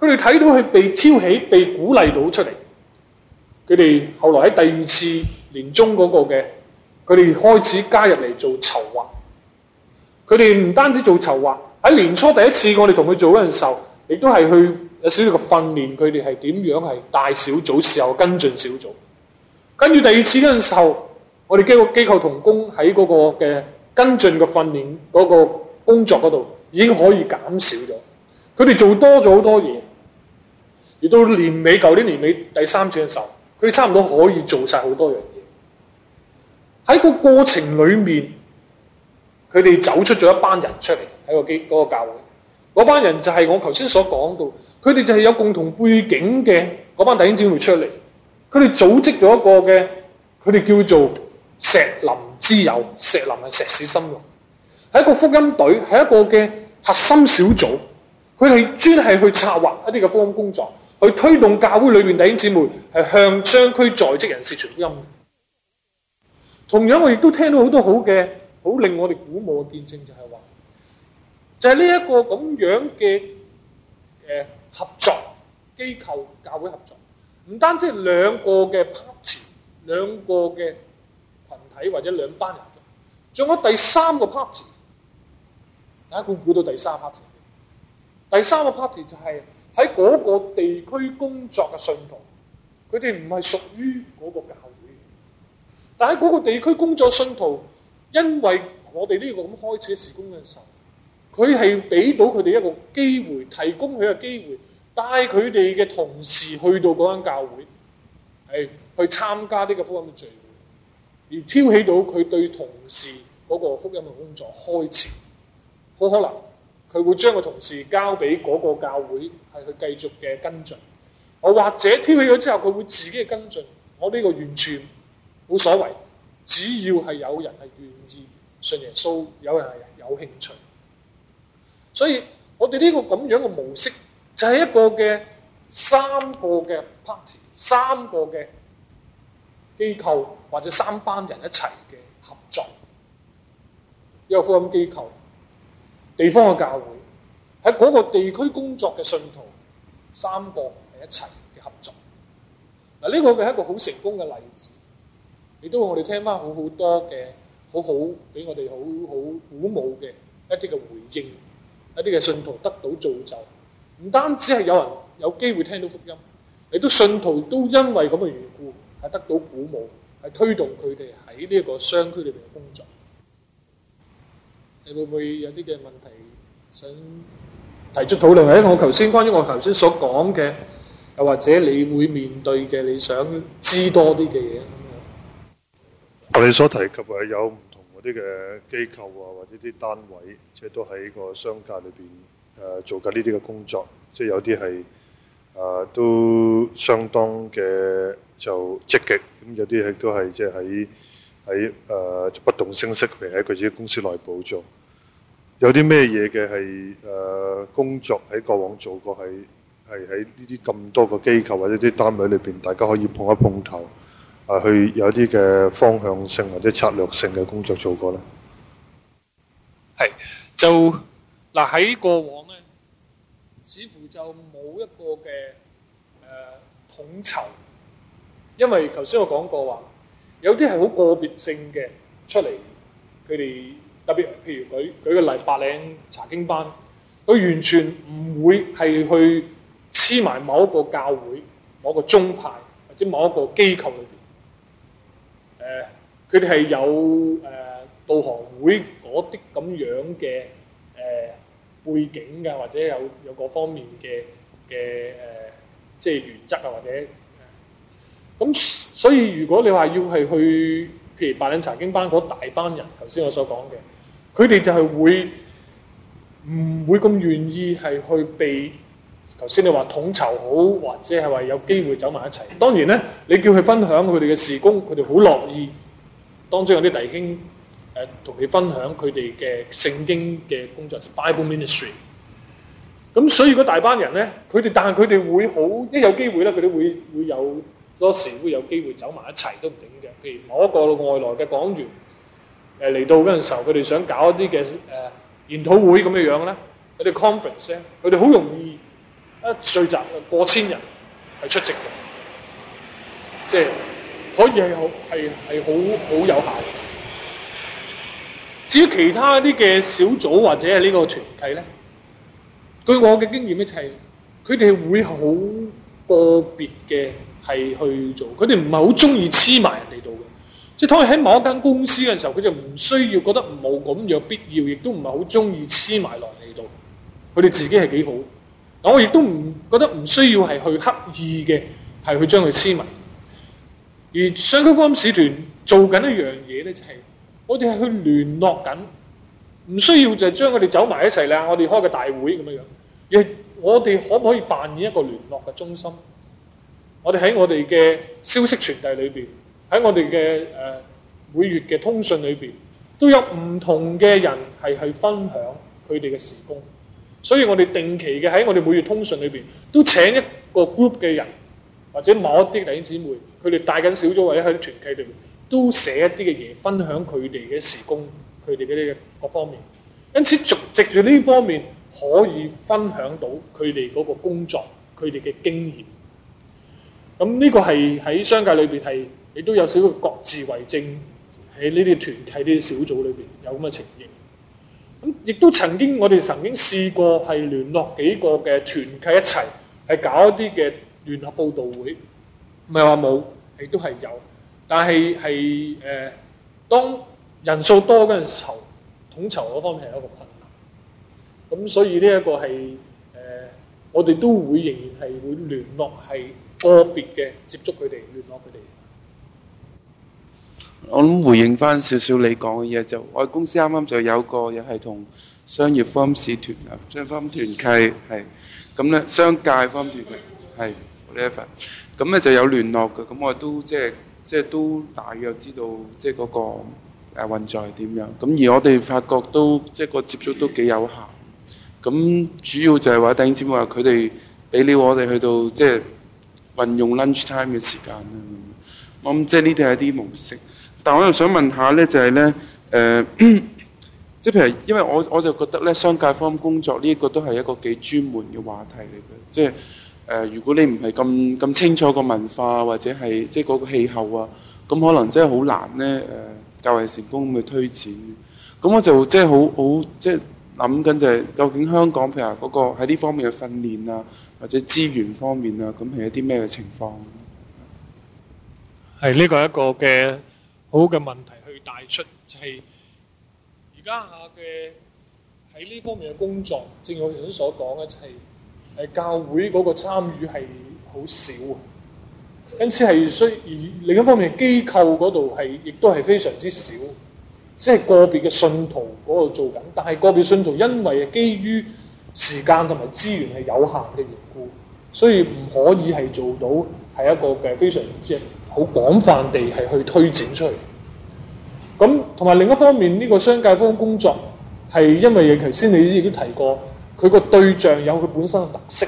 佢哋睇到佢被挑起、被鼓勵到出嚟，佢哋後來喺第二次年終嗰個嘅，佢哋開始加入嚟做籌劃。佢哋唔單止做籌劃，喺年初第一次我哋同佢做嗰陣時候，亦都係去有少少嘅訓練，佢哋係點樣係大小組時候跟進小組。跟住第二次嗰陣時候，我哋機機構同工喺嗰個嘅跟進嘅訓練嗰個工作嗰度已經可以減少咗。佢哋做多咗好多嘢，而到年尾舊年年尾第三次嘅時候，佢哋差唔多可以做晒好多樣嘢，喺個過程裡面。佢哋走出咗一班人出嚟喺個基嗰個教會，嗰班人就係我頭先所講到，佢哋就係有共同背景嘅嗰班弟兄姊妹出嚟，佢哋組織咗一個嘅，佢哋叫做石林之友，石林係石屎森林，係一個福音隊，係一個嘅核心小組，佢哋專係去策劃一啲嘅福音工作，去推動教會裡面弟兄姊妹係向商區在職人士傳福音嘅。同樣，我亦都聽到好多好嘅。好令我哋鼓舞嘅見證就係話，就係呢一個咁樣嘅誒合作機構、教會合作，唔單止係兩個嘅 party，兩個嘅羣體或者兩班人，仲有第三個 party。大家估估到第三 party？第三個 party 就係喺嗰個地區工作嘅信徒，佢哋唔係屬於嗰個教會，但喺嗰個地區工作信徒。因為我哋呢個咁開始事工嘅時候，佢係俾到佢哋一個機會，提供佢嘅機會，帶佢哋嘅同事去到嗰間教會，係去參加呢個福音嘅聚會，而挑起到佢對同事嗰個福音嘅工作開始，好可能佢會將個同事交俾嗰個教會，係去繼續嘅跟進，我或者挑起咗之後，佢會自己嘅跟進，我呢個完全冇所謂。只要係有人係願意信耶穌，有人係有興趣，所以我哋呢個咁樣嘅模式就係一個嘅三個嘅 party，三個嘅機構或者三班人一齊嘅合作，一個福音機構、地方嘅教會喺嗰個地區工作嘅信徒，三個係一齊嘅合作。嗱，呢個嘅係一個好成功嘅例子。亦都我哋聽翻好好多嘅好好俾我哋好好鼓舞嘅一啲嘅回應，一啲嘅信徒得到造就，唔單止係有人有機會聽到福音，亦都信徒都因為咁嘅緣故係得到鼓舞，係推動佢哋喺呢個商區裏邊工作。你會唔會有啲嘅問題想提出討論？或者我頭先關於我頭先所講嘅，又或者你會面對嘅你想知多啲嘅嘢？我哋所提及嘅有唔同嗰啲嘅機構啊，或者啲單位，即係都喺個商界裏邊誒、呃、做緊呢啲嘅工作，即係有啲係誒都相當嘅就積極，咁有啲係都係即係喺喺誒不動聲色，譬如喺佢自己公司內部做，有啲咩嘢嘅係誒工作喺過往做過，係係喺呢啲咁多個機構或者啲單位裏邊，大家可以碰一碰頭。啊！去有啲嘅方向性或者策略性嘅工作做過咧，係就嗱喺過往咧，似乎就冇一個嘅誒、呃、統籌，因為頭先我講過話，有啲係好個別性嘅出嚟，佢哋特別譬如舉舉個例，白領查經班，佢完全唔會係去黐埋某一個教會，某一個宗派或者某一個機構裏邊。誒，佢哋係有誒導航會嗰啲咁樣嘅誒背景嘅，或者有有各方面嘅嘅誒，即係原則啊，或者咁。所以如果你話要係去，譬如白領查經班嗰大班人，頭先我所講嘅，佢哋就係會唔會咁願意係去被？頭先你話統籌好，或者係話有機會走埋一齊。當然咧，你叫佢分享佢哋嘅事工，佢哋好樂意。當中有啲弟兄誒同佢分享佢哋嘅聖經嘅工作，就係 Bible Ministry。咁所以嗰大班人咧，佢哋但係佢哋會好，一有機會咧，佢哋會會有多時會有機會走埋一齊都唔定嘅。譬如某一個外來嘅講員誒嚟到嗰陣時候，佢哋想搞一啲嘅誒研討會咁嘅樣咧，佢哋 conference 咧，佢哋好容易。一聚集過千人係出席嘅，即係可以係好係係好好有效嘅。至於其他啲嘅小組或者係呢個團契咧，據我嘅經驗咧就係，佢哋會好個別嘅係去做，佢哋唔係好中意黐埋人哋度嘅。即係當佢喺某一間公司嘅時候，佢就唔需要覺得冇咁樣必要，亦都唔係好中意黐埋落嚟度。佢哋自己係幾好。我亦都唔覺得唔需要係去刻意嘅，係去將佢黐埋。而相關基金市團做緊一樣嘢咧，就係我哋係去聯絡緊，唔需要就係將佢哋走埋一齊啦。我哋開個大會咁樣樣，亦我哋可唔可以扮演一個聯絡嘅中心？我哋喺我哋嘅消息傳遞裏邊，喺我哋嘅誒每月嘅通訊裏邊，都有唔同嘅人係去分享佢哋嘅時工。所以我哋定期嘅喺我哋每月通訊裏邊，都請一個 group 嘅人，或者某一啲弟兄姊妹，佢哋帶緊小組或者喺啲團契裏邊都寫一啲嘅嘢，分享佢哋嘅時工，佢哋嘅呢個各方面。因此逐藉住呢方面，可以分享到佢哋嗰個工作，佢哋嘅經驗，咁呢個係喺商界裏邊係亦都有少少各自為政，喺呢啲團體呢啲小組裏邊有咁嘅情形。咁亦都曾經，我哋曾經試過係聯絡幾個嘅團契一齊係搞一啲嘅聯合佈道會，唔係話冇，亦都係有，但係係誒，當人數多嗰陣時候統籌嗰方面係一個困難。咁所以呢一個係誒，我哋都會仍然係會聯絡係個別嘅接觸佢哋，聯絡佢哋。我諗回應翻少少你講嘅嘢就，我哋公司啱啱就有一個又係同商業方市團啊、商業方團契係，咁咧商界方團係 l e v e 咁咧就有聯絡嘅，咁我都即係即係都大約知道即係嗰、那個誒運作係點樣，咁而我哋發覺都即係、那個接觸都幾有效，咁主要就係話頂尖話佢哋俾你我哋去到即係運用 lunch time 嘅時間啦，我咁即係呢啲係一啲模式。但我又想問一下咧，就係、是、咧，誒、呃，即、就、係、是、譬如，因為我我就覺得咧，商界方工作呢一個都係一個幾專門嘅話題嚟嘅。即係誒，如果你唔係咁咁清楚個文化，或者係即係嗰個氣候啊，咁可能真係好難咧誒，較為、呃、係成功咁去推展。咁我就即係好好即係諗緊就係、就是、究竟香港譬如嗰個喺呢方面嘅訓練啊，或者資源方面啊，咁係一啲咩嘅情況？係呢個一個嘅。好嘅問題去帶出，就係而家下嘅喺呢方面嘅工作，正如我頭先所講嘅，就係喺教會嗰個參與係好少啊，因此係需，而另一方面係機構嗰度係亦都係非常之少，即係個別嘅信徒嗰度做緊。但係個別的信徒因為基於時間同埋資源係有限嘅緣故，所以唔可以係做到係一個嘅非常之。好廣泛地係去推展出去。咁同埋另一方面，呢個商界方工作係因為，頭先你亦都提過，佢個對象有佢本身嘅特色，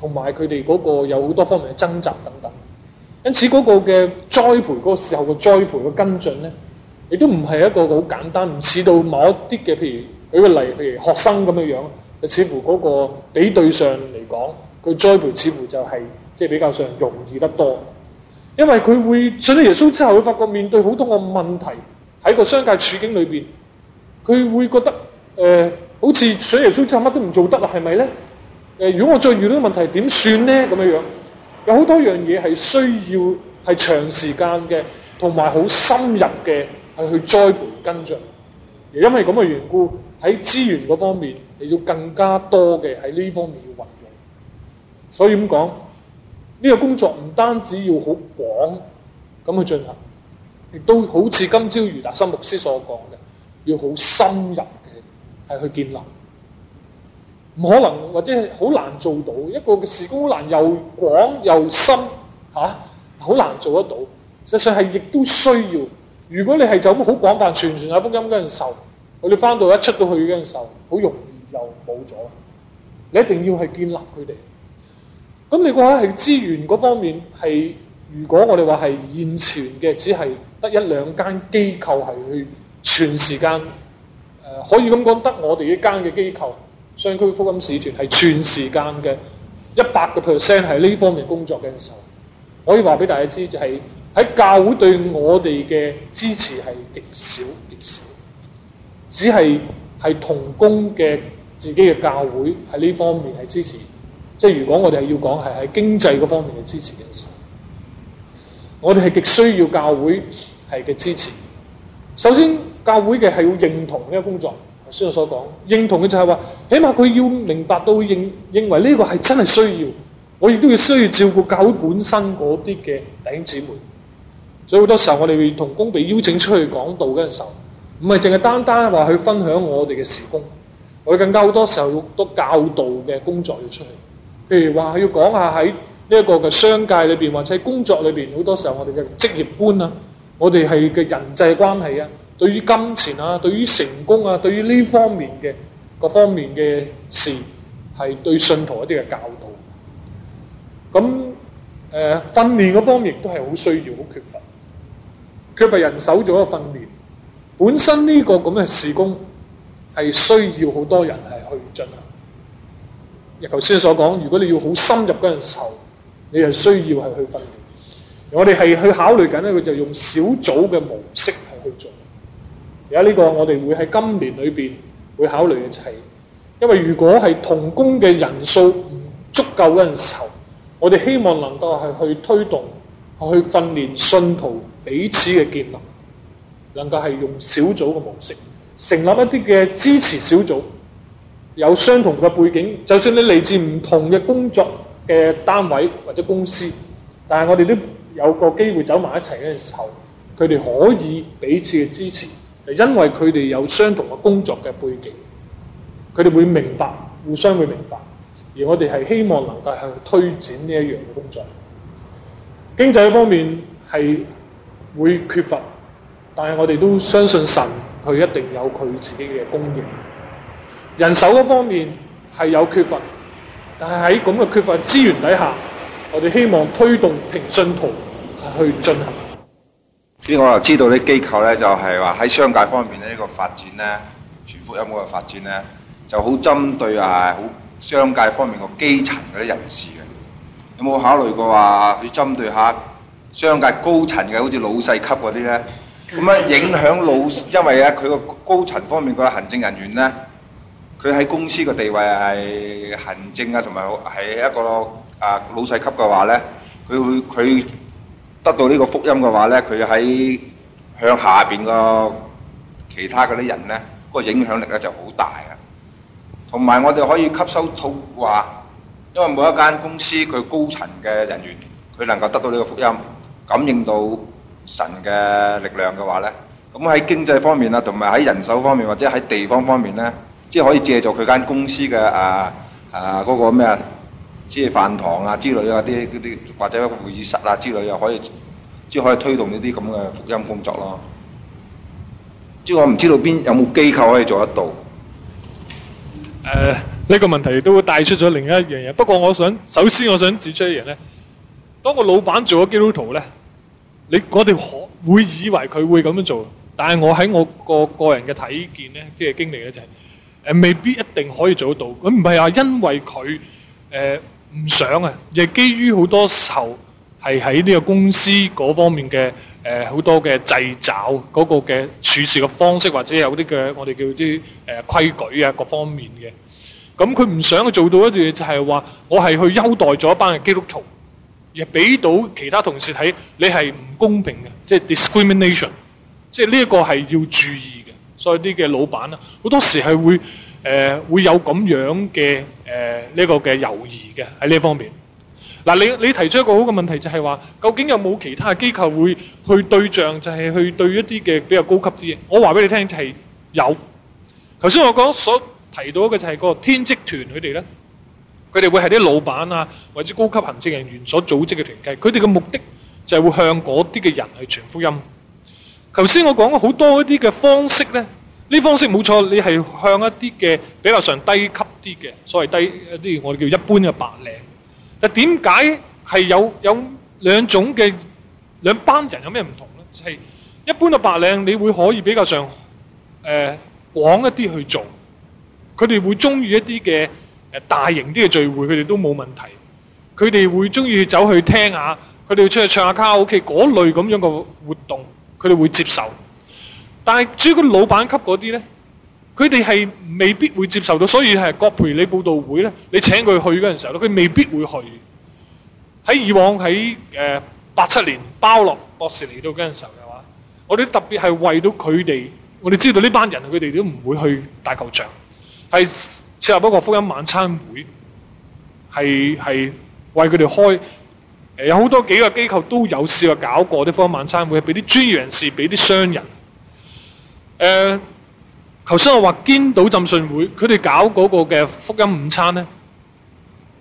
同埋佢哋嗰個有好多方面嘅掙扎等等。因此嗰個嘅栽培嗰個時候嘅栽培嘅跟進咧，亦都唔係一個好簡單，唔似到某一啲嘅譬如舉個例，譬如學生咁嘅樣，似乎嗰個比對上嚟講，佢栽培似乎就係即係比較上容易得多。因為佢會信咗耶穌之後，佢發覺面對好多個問題喺個商界處境裏邊，佢會覺得誒、呃，好似信耶穌之後乜都唔做得啦，係咪咧？誒、呃，如果我再遇到問題點算咧？咁樣樣有好多樣嘢係需要係長時間嘅，同埋好深入嘅，係去栽培跟進。而因為咁嘅緣故，喺資源嗰方面，你要更加多嘅喺呢方面要運用。所以咁講。呢、這個工作唔單止要好廣咁去進行，亦都好似今朝余達森牧師所講嘅，要好深入嘅係去建立，唔可能或者係好難做到一個嘅時工，好難又廣又深嚇，好、啊、難做得到。實際上係亦都需要。如果你係就咁好廣泛傳傳下福音嗰陣時候，我哋翻到一出到去嗰陣時候，好容易又冇咗。你一定要去建立佢哋。咁你話係資源嗰方面係，如果我哋話係現存嘅，只係得一兩間機構係去全時間，誒，可以咁講，得我哋一間嘅機構商區福音使團係全時間嘅一百個 percent 係呢方面工作嘅時候，我可以話俾大家知，就係、是、喺教會對我哋嘅支持係極少極少，只係係同工嘅自己嘅教會喺呢方面係支持。即係如果我哋係要講係喺經濟嗰方面嘅支持嘅時候，我哋係極需要教會係嘅支持。首先，教會嘅係要認同呢個工作，頭先我所講，認同嘅就係話，起碼佢要明白到認認為呢個係真係需要。我亦都要需要照顧教會本身嗰啲嘅弟兄姊妹。所以好多時候我哋同工被邀請出去講道嗰陣時候，唔係淨係單單話去分享我哋嘅時工，我哋更加好多時候都要多教導嘅工作要出去。譬如話要講下喺呢一個嘅商界裏邊，或者工作裏邊，好多時候我哋嘅職業觀啊，我哋係嘅人際關係啊，對於金錢啊，對於成功啊，對於呢方面嘅各方面嘅事，係對信徒一啲嘅教導。咁誒、呃，訓練嗰方面亦都係好需要，好缺乏，缺乏人手做一個訓練。本身呢、這個咁嘅事工係需要好多人係去進行。頭先所講，如果你要好深入嗰陣時候，你係需要係去訓練。我哋係去考慮緊呢個就用小組嘅模式係去做。而家呢個我哋會喺今年裏面會考慮嘅就係，因為如果係同工嘅人數唔足夠嗰陣時候，我哋希望能夠係去推動、去訓練信徒彼此嘅建立，能夠係用小組嘅模式成立一啲嘅支持小組。有相同嘅背景，就算你嚟自唔同嘅工作嘅單位或者公司，但係我哋都有個機會走埋一齊嘅時候，佢哋可以彼此嘅支持，就因為佢哋有相同嘅工作嘅背景，佢哋會明白，互相會明白，而我哋係希望能夠去推展呢一樣嘅工作。經濟方面係會缺乏，但係我哋都相信神，佢一定有佢自己嘅供應。人手嗰方面係有缺乏的，但係喺咁嘅缺乏資源底下，我哋希望推動平信徒去進行。呢我又知道啲機構咧，就係話喺商界方面咧，呢個發展咧，全福音冇嘅發展咧，就好針對啊，好商界方面個基層嗰啲人士嘅。有冇考慮過話去針對下商界高層嘅，好似老細級嗰啲咧？咁咧影響老，因為咧佢個高層方面個行政人員咧。佢喺公司嘅地位係行政啊，同埋係一個啊老細級嘅話咧，佢會，佢得到呢個福音嘅話咧，佢喺向下邊個其他嗰啲人咧，嗰個影響力咧就好大啊。同埋我哋可以吸收套話，因為每一間公司佢高層嘅人員佢能夠得到呢個福音，感應到神嘅力量嘅話咧，咁喺經濟方面啊，同埋喺人手方面或者喺地方方面咧。即係可以借助佢間公司嘅啊啊嗰個咩啊，即係飯堂啊之類啊啲啲，或者會議室啊之類又可以，即係可以推動呢啲咁嘅福音工作咯。即係我唔知道邊有冇機構可以做得到。誒、呃，呢個問題亦都會帶出咗另一樣嘢。不過我想首先我想指出一樣咧，當個老闆做咗基督徒咧，你我哋可會以為佢會咁樣做？但係我喺我個個人嘅體見咧，即係經歷咧就係。誒，未必一定可以做得到。佢唔係話，因為佢誒唔想啊，亦基於好多時候係喺呢個公司嗰方面嘅誒，好、呃、多嘅掣肘，嗰個嘅處事嘅方式，或者有啲嘅我哋叫啲誒、呃、規矩啊，各方面嘅。咁佢唔想做到一樣嘢，就係話我係去優待咗一班嘅基督徒，而俾到其他同事睇，你係唔公平嘅，即、就、係、是、discrimination，即係呢一個係要注意嘅。所以啲嘅老闆啦，好多時係會誒、呃、會有咁樣嘅誒呢個嘅猶豫嘅喺呢方面。嗱、呃，你你提出一個好嘅問題就係、是、話，究竟有冇其他機構會去對象，就係、是、去對一啲嘅比較高級啲嘅？我話俾你聽就係、是、有。頭先我講所提到嘅就係個天職團佢哋咧，佢哋會係啲老闆啊或者高級行政人員所組織嘅團契，佢哋嘅目的就係會向嗰啲嘅人去傳福音。頭先我講咗好多一啲嘅方式咧，呢方式冇錯，你係向一啲嘅比較上低級啲嘅，所謂低一啲我哋叫一般嘅白領。但點解係有有兩種嘅兩班人有咩唔同咧？係、就係、一般嘅白領，你會可以比較上誒廣、呃、一啲去做，佢哋會中意一啲嘅誒大型啲嘅聚會，佢哋都冇問題。佢哋會中意走去聽下，佢哋出去唱下卡拉 OK 嗰類咁樣嘅活動。佢哋會接受，但係至於嗰啲老闆級嗰啲咧，佢哋係未必會接受到，所以係葛培理佈道會咧，你請佢去嗰陣時候咧，佢未必會去。喺以往喺誒八七年包樂博士嚟到嗰陣時候嘅話，我哋特別係為到佢哋，我哋知道呢班人佢哋都唔會去大球場，係設立一個福音晚餐會，係係為佢哋開。誒，有好多幾個機構都有試過搞過啲福音晚餐會，俾啲專業人士，俾啲商人。誒、呃，頭先我話堅道浸信會，佢哋搞嗰個嘅福音午餐咧，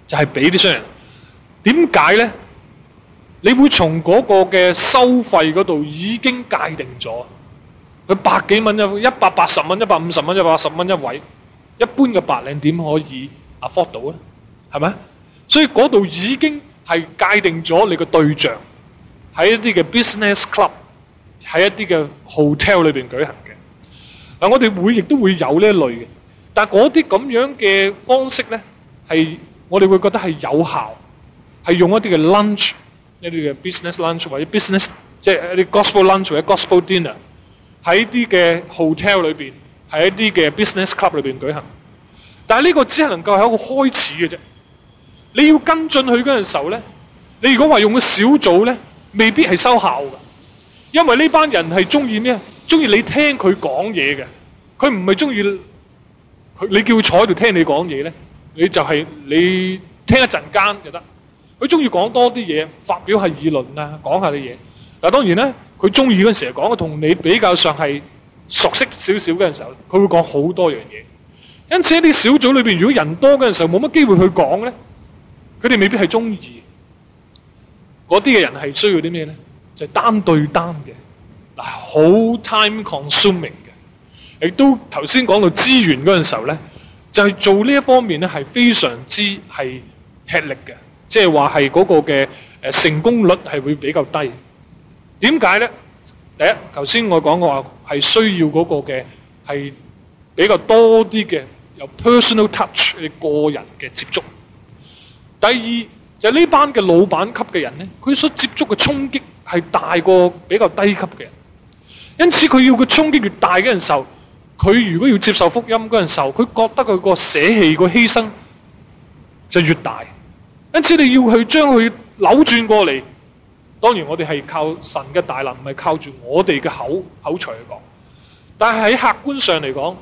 就係俾啲商人。點解咧？你會從嗰個嘅收費嗰度已經界定咗，佢百幾蚊一一百八十蚊一百五十蚊一百八十蚊一位，一般嘅白領點可以 afford 到咧？係咪？所以嗰度已經。係界定咗你個對象，喺一啲嘅 business club，喺一啲嘅 hotel 裏邊舉行嘅。嗱、嗯，我哋會亦都會有呢一類嘅，但係嗰啲咁樣嘅方式咧，係我哋會覺得係有效，係用一啲嘅 lunch，一啲嘅 business lunch 或者 business 即係一啲 gospel lunch 或者 gospel dinner，喺一啲嘅 hotel 裏邊，喺一啲嘅 business club 裏邊舉行。但係呢個只係能夠係一個開始嘅啫。你要跟進佢嗰陣時候咧，你如果話用個小組咧，未必係收效㗎，因為呢班人係中意咩？中意你聽佢講嘢嘅，佢唔係中意你叫佢坐喺度聽你講嘢咧，你就係你聽一陣間就得。佢中意講多啲嘢，發表下議論啊，講下啲嘢。但當然咧，佢中意嗰陣時講，同你比較上係熟悉少少嗰陣時候，佢會講好多樣嘢。因此喺啲小組裏邊，如果人多嗰陣時候冇乜機會去講咧。佢哋未必係中意，嗰啲嘅人係需要啲咩咧？就係、是、單對單嘅，嗱，好 time consuming 嘅，亦都頭先講到資源嗰陣時候咧，就係、是、做呢一方面咧係非常之係吃力嘅，即係話係嗰個嘅誒成功率係會比較低。點解咧？第一頭先我講過話係需要嗰個嘅係比較多啲嘅有 personal touch 嘅個人嘅接觸。第二就係、是、呢班嘅老闆級嘅人咧，佢所接觸嘅衝擊係大過比較低級嘅人，因此佢要嘅衝擊越大嘅時候，佢如果要接受福音陣時候，佢覺得佢個捨棄個犧牲就越大，因此你要去將佢扭轉過嚟。當然我哋係靠神嘅大能，唔係靠住我哋嘅口口才去講，但係喺客觀上嚟講，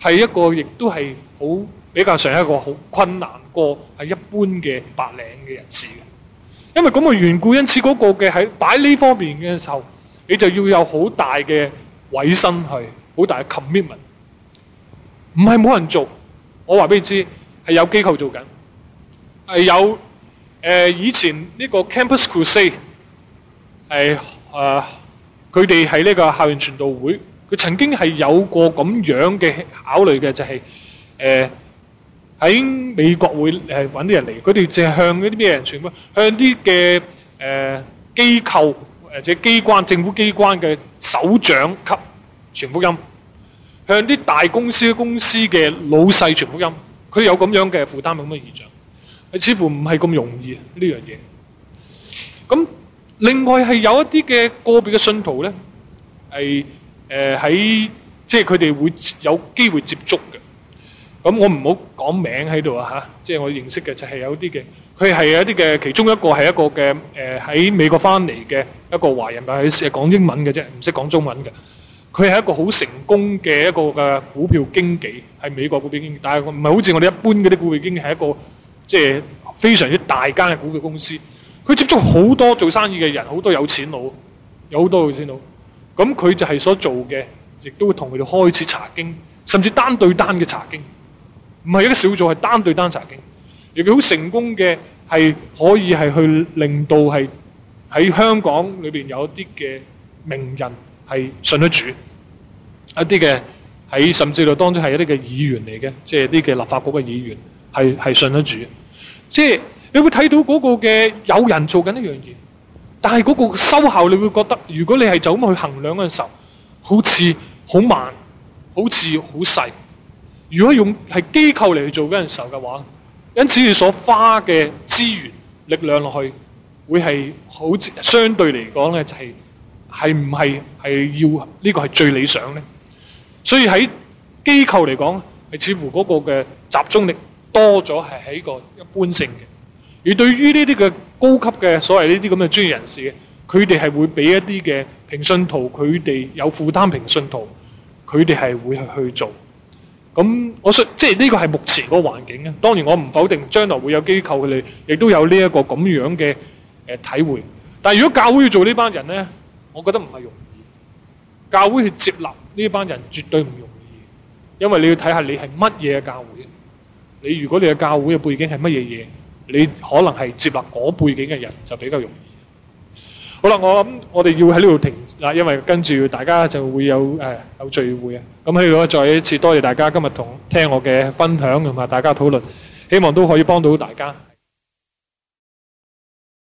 係一個亦都係好比較上一個好困難。個係一般嘅白領嘅人士嘅，因為咁嘅緣故，因此嗰個嘅喺擺呢方面嘅時候，你就要有好大嘅委身去，好大嘅 commitment。唔係冇人做，我話俾你知係有機構做緊，係有誒以前呢個 Campus Crusade，誒啊佢哋喺呢個校園傳道會，佢曾經係有過咁樣嘅考慮嘅，就係誒。喺美國會誒揾啲人嚟，佢哋淨係向一啲咩人傳福音？向啲嘅誒機構或者機關、政府機關嘅首長級傳福音，向啲大公司嘅公司嘅老細傳福音。佢有咁樣嘅負擔，有咩異象？佢似乎唔係咁容易呢樣嘢。咁另外係有一啲嘅個別嘅信徒咧，係誒喺即係佢哋會有機會接觸。咁我唔好講名喺度啊嚇，即係我認識嘅就係有啲嘅，佢係有啲嘅其中一個係一個嘅誒喺美國翻嚟嘅一個華人，但係講英文嘅啫，唔識講中文嘅。佢係一個好成功嘅一個嘅股票經紀，係美國股票經紀，但係唔係好似我哋一般嗰啲股票經紀係一個即係非常之大間嘅股票公司。佢接觸好多做生意嘅人，好多有錢佬，有好多有錢佬。咁佢就係所做嘅，亦都會同佢哋開始查經，甚至單對單嘅查經。唔係一個小組，係單對單查經，亦都好成功嘅，係可以係去令到係喺香港裏邊有一啲嘅名人係信咗主，一啲嘅喺甚至到當中係一啲嘅議員嚟嘅，即係啲嘅立法局嘅議員係係信咗主。即係你會睇到嗰個嘅有人做緊一樣嘢，但係嗰個收效，你會覺得如果你係走咁去衡量嗰陣時候，好似好慢，好似好細。如果用係機構嚟去做嗰陣時候嘅話，因此你所花嘅資源力量落去，會係好相對嚟講咧，就係係唔係係要呢個係最理想咧？所以喺機構嚟講，係似乎嗰個嘅集中力多咗係喺個一般性嘅。而對於呢啲嘅高級嘅所謂呢啲咁嘅專業人士嘅，佢哋係會俾一啲嘅平信徒，佢哋有負擔平信徒，佢哋係會去去做。咁我想，即係呢個係目前個環境咧。當然我唔否定將來會有機構嘅，你亦都有呢一個咁樣嘅誒體會。但係如果教會要做呢班人呢，我覺得唔係容易。教會去接納呢班人絕對唔容易，因為你要睇下你係乜嘢教會。你如果你嘅教會嘅背景係乜嘢嘢，你可能係接納嗰背景嘅人就比較容易。好啦，我諗我哋要喺呢度停啦，因為跟住大家就會有誒有聚會啊。咁喺度再一次多謝大家今日同聽我嘅分享同埋大家討論，希望都可以幫到大家。